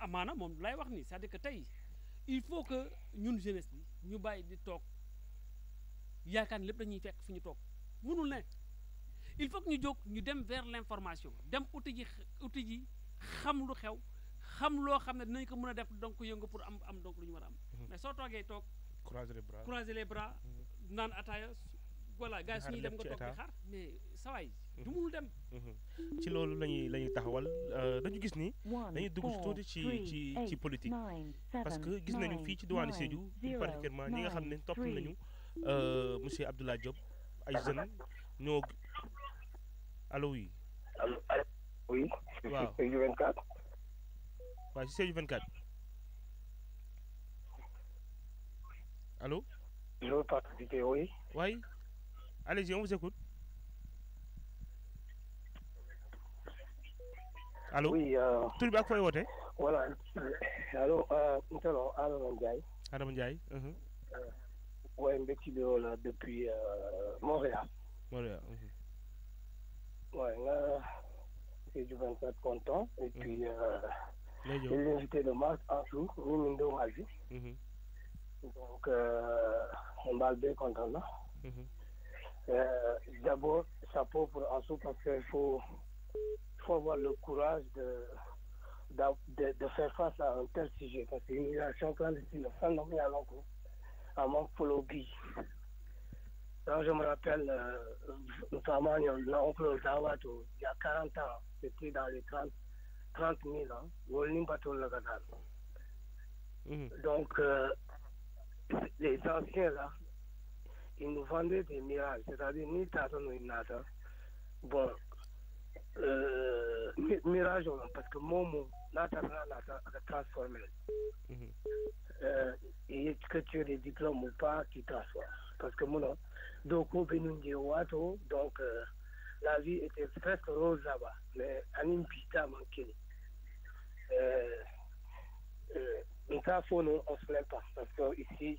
cest que il faut que nous, jeunesse bi ñu bay di dañuy fekk mënul il faut que nous ñu vers l'information dem devons ji xam lu xew xam lo ko pour am am donc lu ñu mhm. mais so croiser les bras Croisez les bras mhm. voilà gars suñuy dem nga toog di du munul dem mhm. ci loolu lañuy la ñuy taxawal euh, dañu gis ni dañuy dugg ci tuuti ci ci ci parce que gis nañu fii ci diwaanu Sédhiou particulièrement ñi nga xam ne topp nañu euh, monsieur Abdoulaye Diop ay jeunes ñoo allo oui allo oui waaw Sédhiou ci Sédhiou 24 allo allo Pape Allez-y, on vous écoute. Allô Oui. Euh, monde, Voilà. Allô, euh Allô Allô Ndiaye. Adam Ndiaye. Uh-huh. Euh, là depuis euh, Montréal. Montréal. Uh-huh. Ouais, là content et uh-huh. puis de Marc une Mhm. Donc euh, on va content là. Euh, d'abord, chapeau pour Anso parce qu'il faut, avoir le courage de, faire face à un tel sujet. Parce que l'immigration clandestine, ça n'a rien à à mon lobby. Alors, je me rappelle, euh, notamment, euh, l'oncle Zawato, il y a 40 ans, c'était dans les 30, 000 ans, hein? mmh. Donc, euh, les anciens, là, il nous vendait des miracles, c'est-à-dire ni Tata ni Nata. Bon, euh, mirage, parce que mon nom, Nata, Nata, transformé. Mhm. Euh, et que tu aies des diplômes ou pas, qui transforme. Parce que mon donc, donc euh, la vie était presque rose là-bas, mais un pita manqué. Euh, euh, on ne se plaint pas, parce que ici,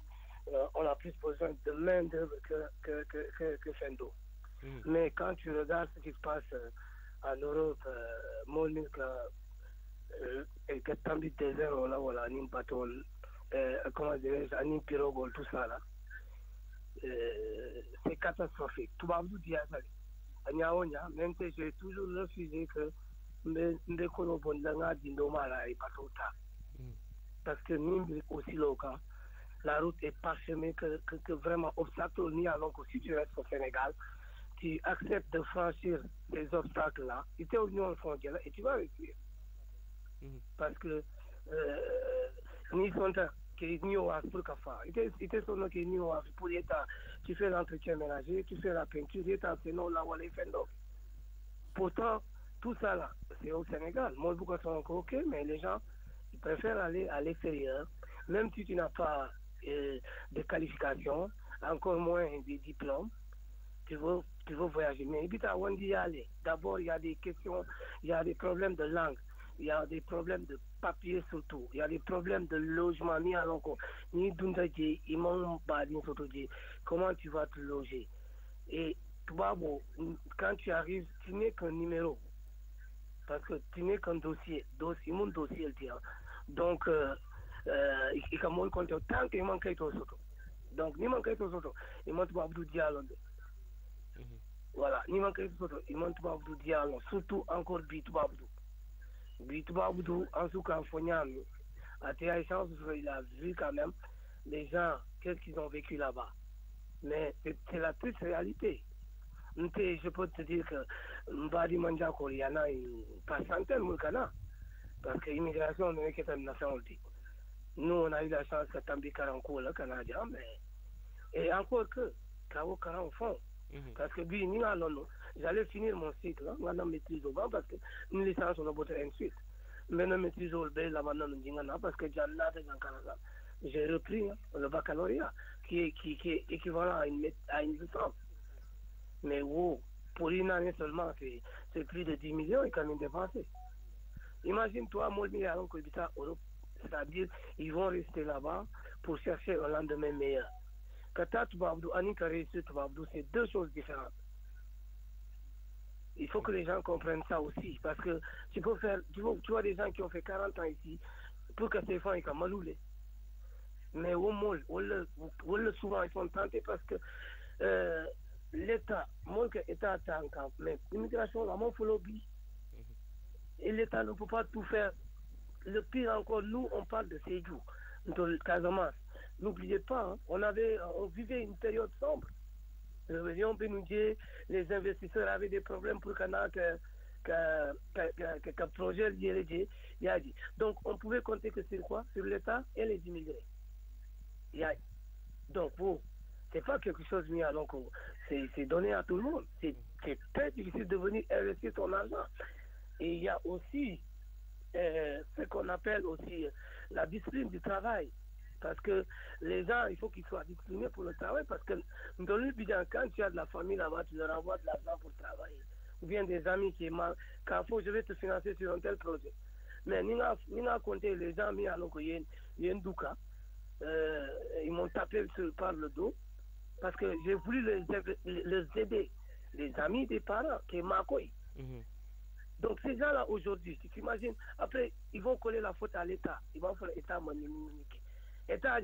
euh, on a plus besoin de main-d'œuvre que, que, que, que, que Fendo. Hmm. Mais quand tu regardes ce qui se passe euh, en Europe, euh, mon euh, et que tant de désert, on a, on a, euh, comment dirais-je, pirogol pirogue, tout ça là. Euh, c'est catastrophique. Tout va vous dire ça. Même si j'ai toujours refusé que pas Bondanga Dindoma là, il pas tout Parce que nous aussi, local, la route est parsemée que, que, que vraiment obstacle ni à que si tu restes au Sénégal, tu acceptes de franchir ces obstacles-là, tu es au en frontière et tu vas avec mhm. Parce que ni son temps qui pour Kafa. Il était son qui est pour l'État. Tu fais l'entretien ménager, tu fais la peinture, l'État, c'est non là où les fendo. Pourtant, tout ça là, c'est au Sénégal. Moi, beaucoup sont encore ok, mais les gens, ils préfèrent aller à l'extérieur, même si tu n'as pas euh, de qualification, encore moins des diplômes. Tu veux, tu veux voyager. Mais avant d'y aller, d'abord, il y a des questions, il y a des problèmes de langue, il y a des problèmes de papier surtout, il y a des problèmes de logement, ni à ni comment tu vas te loger. Et quand tu arrives, tu n'es qu'un numéro. Parce que tu n'es qu'un dossier. dossier. Mon dossier, le tien. Donc, euh, euh, il ika moolu kontewo tant que iman kayitoo soto donc niman kayitoo soto iman tuba abdou dialonde mhm. voilà niman autres, il iman tuba abdou dialon surtout encore bi abdou bi abdou en tout cas en il a vu quand même les gens qu'est-ce qu'ils ont vécu là-bas mais c'est la triste réalité je peux te dire que Mbadi Mandjakor, il y en a pas centaines, Parce que l'immigration, on est qu'à une nation, on le dit. Nous, on a eu la chance que Tambi Karanko, le Canadien, mais. Et encore que, Kao Karan au fond. on mhm. Parce que oui, nous allons, j'allais finir mon cycle, hein, allons maîtrise au banc, parce que une licence, on a beau ensuite. Mais maîtrise au banc, là, maintenant, on parce que j'en ai dans Canada. J'ai repris hein, le baccalauréat, qui est, qui, est équivalent à une, à une licence. Mais wow, pour une année seulement, c'est plus de 10 millions, et quand même dépensé. Imagine-toi, moi, je suis en c'est-à-dire ils vont rester là-bas pour chercher un lendemain meilleur. Kata Toubabdou, Anika Toubabdou, c'est deux choses différentes. Il faut que les gens comprennent ça aussi, parce que tu peux faire, tu vois, des gens qui ont fait 40 ans ici, pour que ces femmes ils maloulés. Mais au moins, souvent, ils sont tentés parce que euh, l'État, moins que l'État mais l'immigration, la mon faut l'oublier. Et l'État ne peut pas tout faire le pire encore, nous, on parle de jours, de Casamance. N'oubliez pas, hein, on, avait, euh, on vivait une période sombre. Le réunion les investisseurs avaient des problèmes pour Canada. Euh, que, qu'un projet Donc, on pouvait compter que sur quoi Sur l'État et les immigrés. Donc, bon, c'est pas quelque chose mis à l'encontre. C'est donné à tout le monde. C'est peut-être difficile de venir investir ton argent. Et il y a aussi c'est euh, ce qu'on appelle aussi euh, la discipline du travail. Parce que les gens, il faut qu'ils soient disciplinés pour le travail. Parce que quand tu as de la famille là-bas, tu leur envoies de l'argent pour travailler. Ou bien des amis qui mal. Quand faut, je vais te financer sur un tel projet. Mais Nina a compté les gens, mis alors qu'il y a un douka. Euh, ils m'ont tapé par le dos. Parce que j'ai voulu les, les aider. Les amis des parents, qui m'accueillent. Mhm. Donc ces gens-là aujourd'hui, tu t'imagines, après ils vont coller la faute à l'État. Ils vont faire l'État manique. État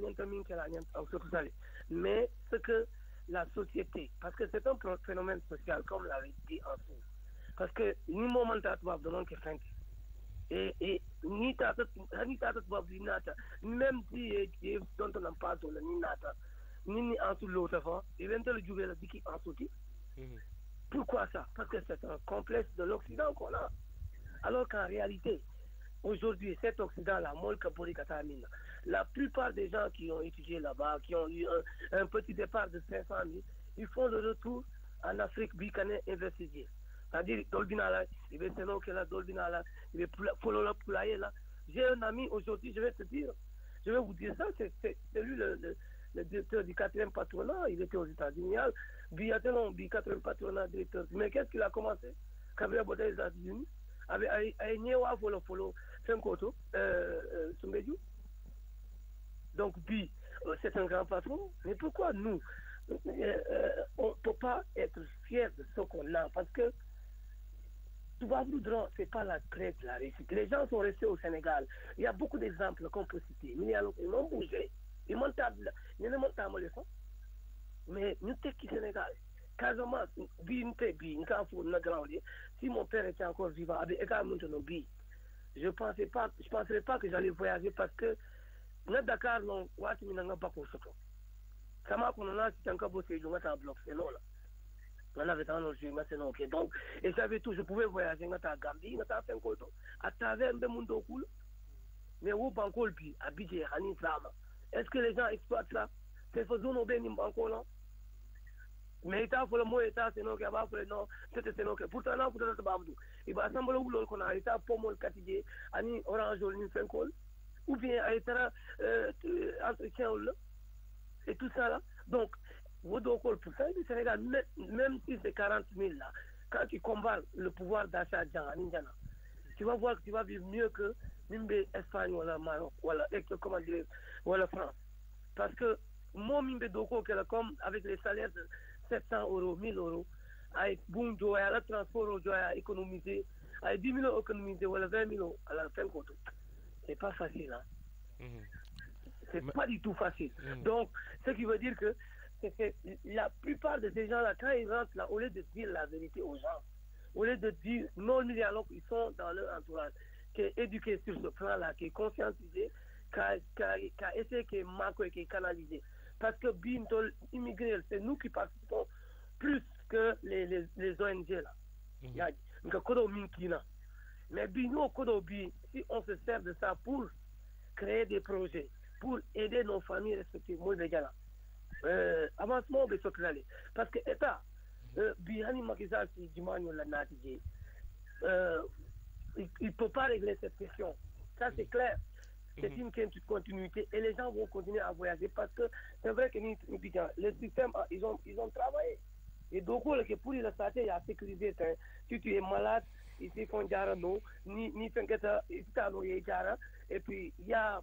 Mais ce que la société, parce que c'est un phénomène social, comme l'avait dit en dessous. Parce que ni moment de monde qui fait. Et ni tata ni tata nata, même si dont on n'a pas ni nata, ni en tout l'autre avant, et même le jour là dit qu'il mhm. en pourquoi ça Parce que c'est un complexe de l'Occident qu'on a. Alors qu'en réalité, aujourd'hui, cet Occident-là, la plupart des gens qui ont étudié là-bas, qui ont eu un, petit départ de 500 000, ils font le retour en Afrique bicanaire investiguée. C'est-à-dire, il là, Dolbinala, il là. J'ai un ami aujourd'hui, je vais te dire, je vais vous dire ça, c'est lui le, directeur du quatrième patronat, il était aux États-Unis, hein. Biatel, non, bi 84 ans directeur. Mais qu'est-ce qu'il a commencé Gabriel Bota des États-Unis, avec Aïniewa Folo Folo, Senkoto, euh, euh, Sumbedjou. Donc, Bi, euh, c'est un grand patron. Mais pourquoi nous, on ne peut pas être fiers de ce qu'on a Parce que ce n'est pas la crête, de la réussite. Les gens sont restés au Sénégal. Il y a beaucoup d'exemples qu'on peut citer. Ils n'ont bougé. Ils m'ont tablé. Ils m'ont tablé mais nous tekki Sénégal Casamance bii ñu tey bii ñu s'en fout na grand si mon père était encore vivant avec égal maintenant bi. je pensais pas je penserais pas que j'allais voyager parce que na Dakar non waati mi na nga bakoo soto sama kono na si tanka bo seju nga ta bloc c'est non là on avait un autre jour, c'est non, ok. Donc, et j'avais tout, je pouvais voyager, dans la Gambie, dans la Finkoto, à travers le monde cool. Mais au Bankolpi, à Bidje, à Nisama. Est-ce que les gens exploitent ça? C'est faisons nos au Bénin, Bankolan mais il t'a fallu mo ye t'a sen'o kɛ a b'a fɔ non ne c'est sen'o kɛ pourtant n'a futata Il va b'a sanbolo wulol kɔnɔ a ye taa pomol katije ani Orange, ni fɛnkol ou bien à ye taara entretienw la et tout ça là donc o dɔw kol pourtant du sénégal même si c'est quarante mille là quand tu combats le pouvoir d'achat jan ani tu vas voir que tu vas vivre mieux que même bɛ ou wala maroc wala comment dire wala france parce que moi min bɛ qui est là, comme avec les salaires 700 euros, 1000 euros, ay buum à la transport o jooyaa économiser Aïe, 10 millions économiser voilà, 20 millions à la fin compte. c'est pas facile hein mhm. c'est pas du tout facile mhm. donc ce qui veut dire que [LAUGHS] la plupart de ces gens-là, quand ils rentrent là, au lieu de dire la vérité aux gens, au lieu de dire non, alors ils sont dans leur entourage, qui est éduqué sur ce plan-là, qui est conscientisé, qui a, essayé, qui est et qui est canalisé parce que Bintol immigrés, c'est nous qui participons plus que les, les, les ONG là. Mm -hmm. Mais si on se sert de ça pour créer des projets, pour aider nos familles respectives, moi les là, euh, avancement de ce Parce que l'État, mhm. euh, bien Makisa, si ou la euh, il ne peut pas régler cette question. Ça c'est mhm. clair. C'est mhm. une continuité et les gens vont continuer à voyager parce que c'est vrai que le système, ah, ils ont, ils ont travaillé. Et donc, pour les il y a sécurisé. Si tu es malade, ils te font non ni ni et puis il y a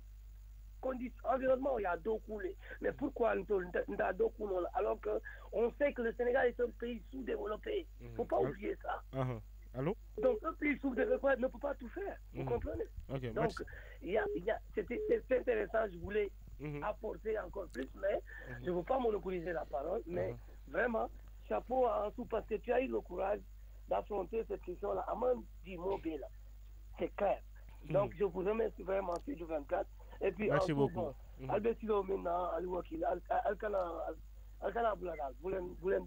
condition environnement il y a deux coulées mais pourquoi nous alors que on sait que le Sénégal est un pays sous-développé Il mhm. ne faut pas ah. oublier ça ah, Allô Donc, un pays souffre de il ne peut pas tout faire. Vous comprenez okay, Donc, y a, y a, c'était intéressant. Je voulais apporter encore plus, mais je ne veux pas monopoliser la parole. Mais vraiment, chapeau à Ansou parce que tu as eu le courage d'affronter cette question-là. Amand Dimobé, là, c'est clair. Donc, je vous remercie vraiment, Studio 24. Et puis, Merci beaucoup. Bon, Albert Silo, maintenant, Al-Wakil, Al-Kana, Al-Kana Boulen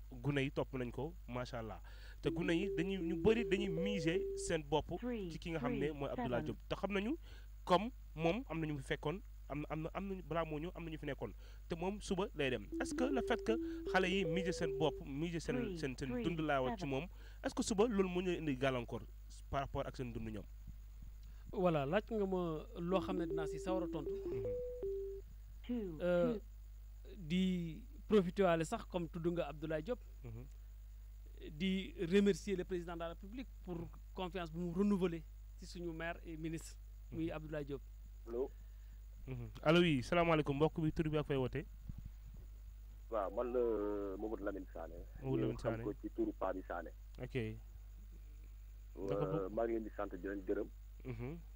gune yi topp nañ ko macha allah te gune yi dañuy ñu bëri dañuy miser seen bopp ci ki nga xam ne mooy Abdoulaye Diop te xam nañu comme moom am nañu fi fekkoon am na am na am nañu balaa moo ñëw am ñu fi nekkoon te moom suba lay dem est-ce que le fait que xale yi miser seen bopp miser seen seen seen dund laa wax ci moom est-ce que suba loolu moo ñu indi gàllankoor par rapport ak seen dund ñoom voilà laaj nga ma loo xam ne dinaa si sawar a tontu mhm. euh, di profité waale sax comme tudd nga Abdoulaye Diop. Mhm. di remercier le président de la République pour confiance bu mu renouveler ci suñu maire et ministre. Mhm. muy Abdoulaye Diop. allo. Mhm. allo oui Salam salaamaaleykum mbokk mi tur bi ak fay wootee. waaw man la euh, Mamadou Lamine Sané. Mamadou Lamine Sané ko ci turu Paa bi Sané. ok. Euh, maa ngi leen di sant di leen gërëm.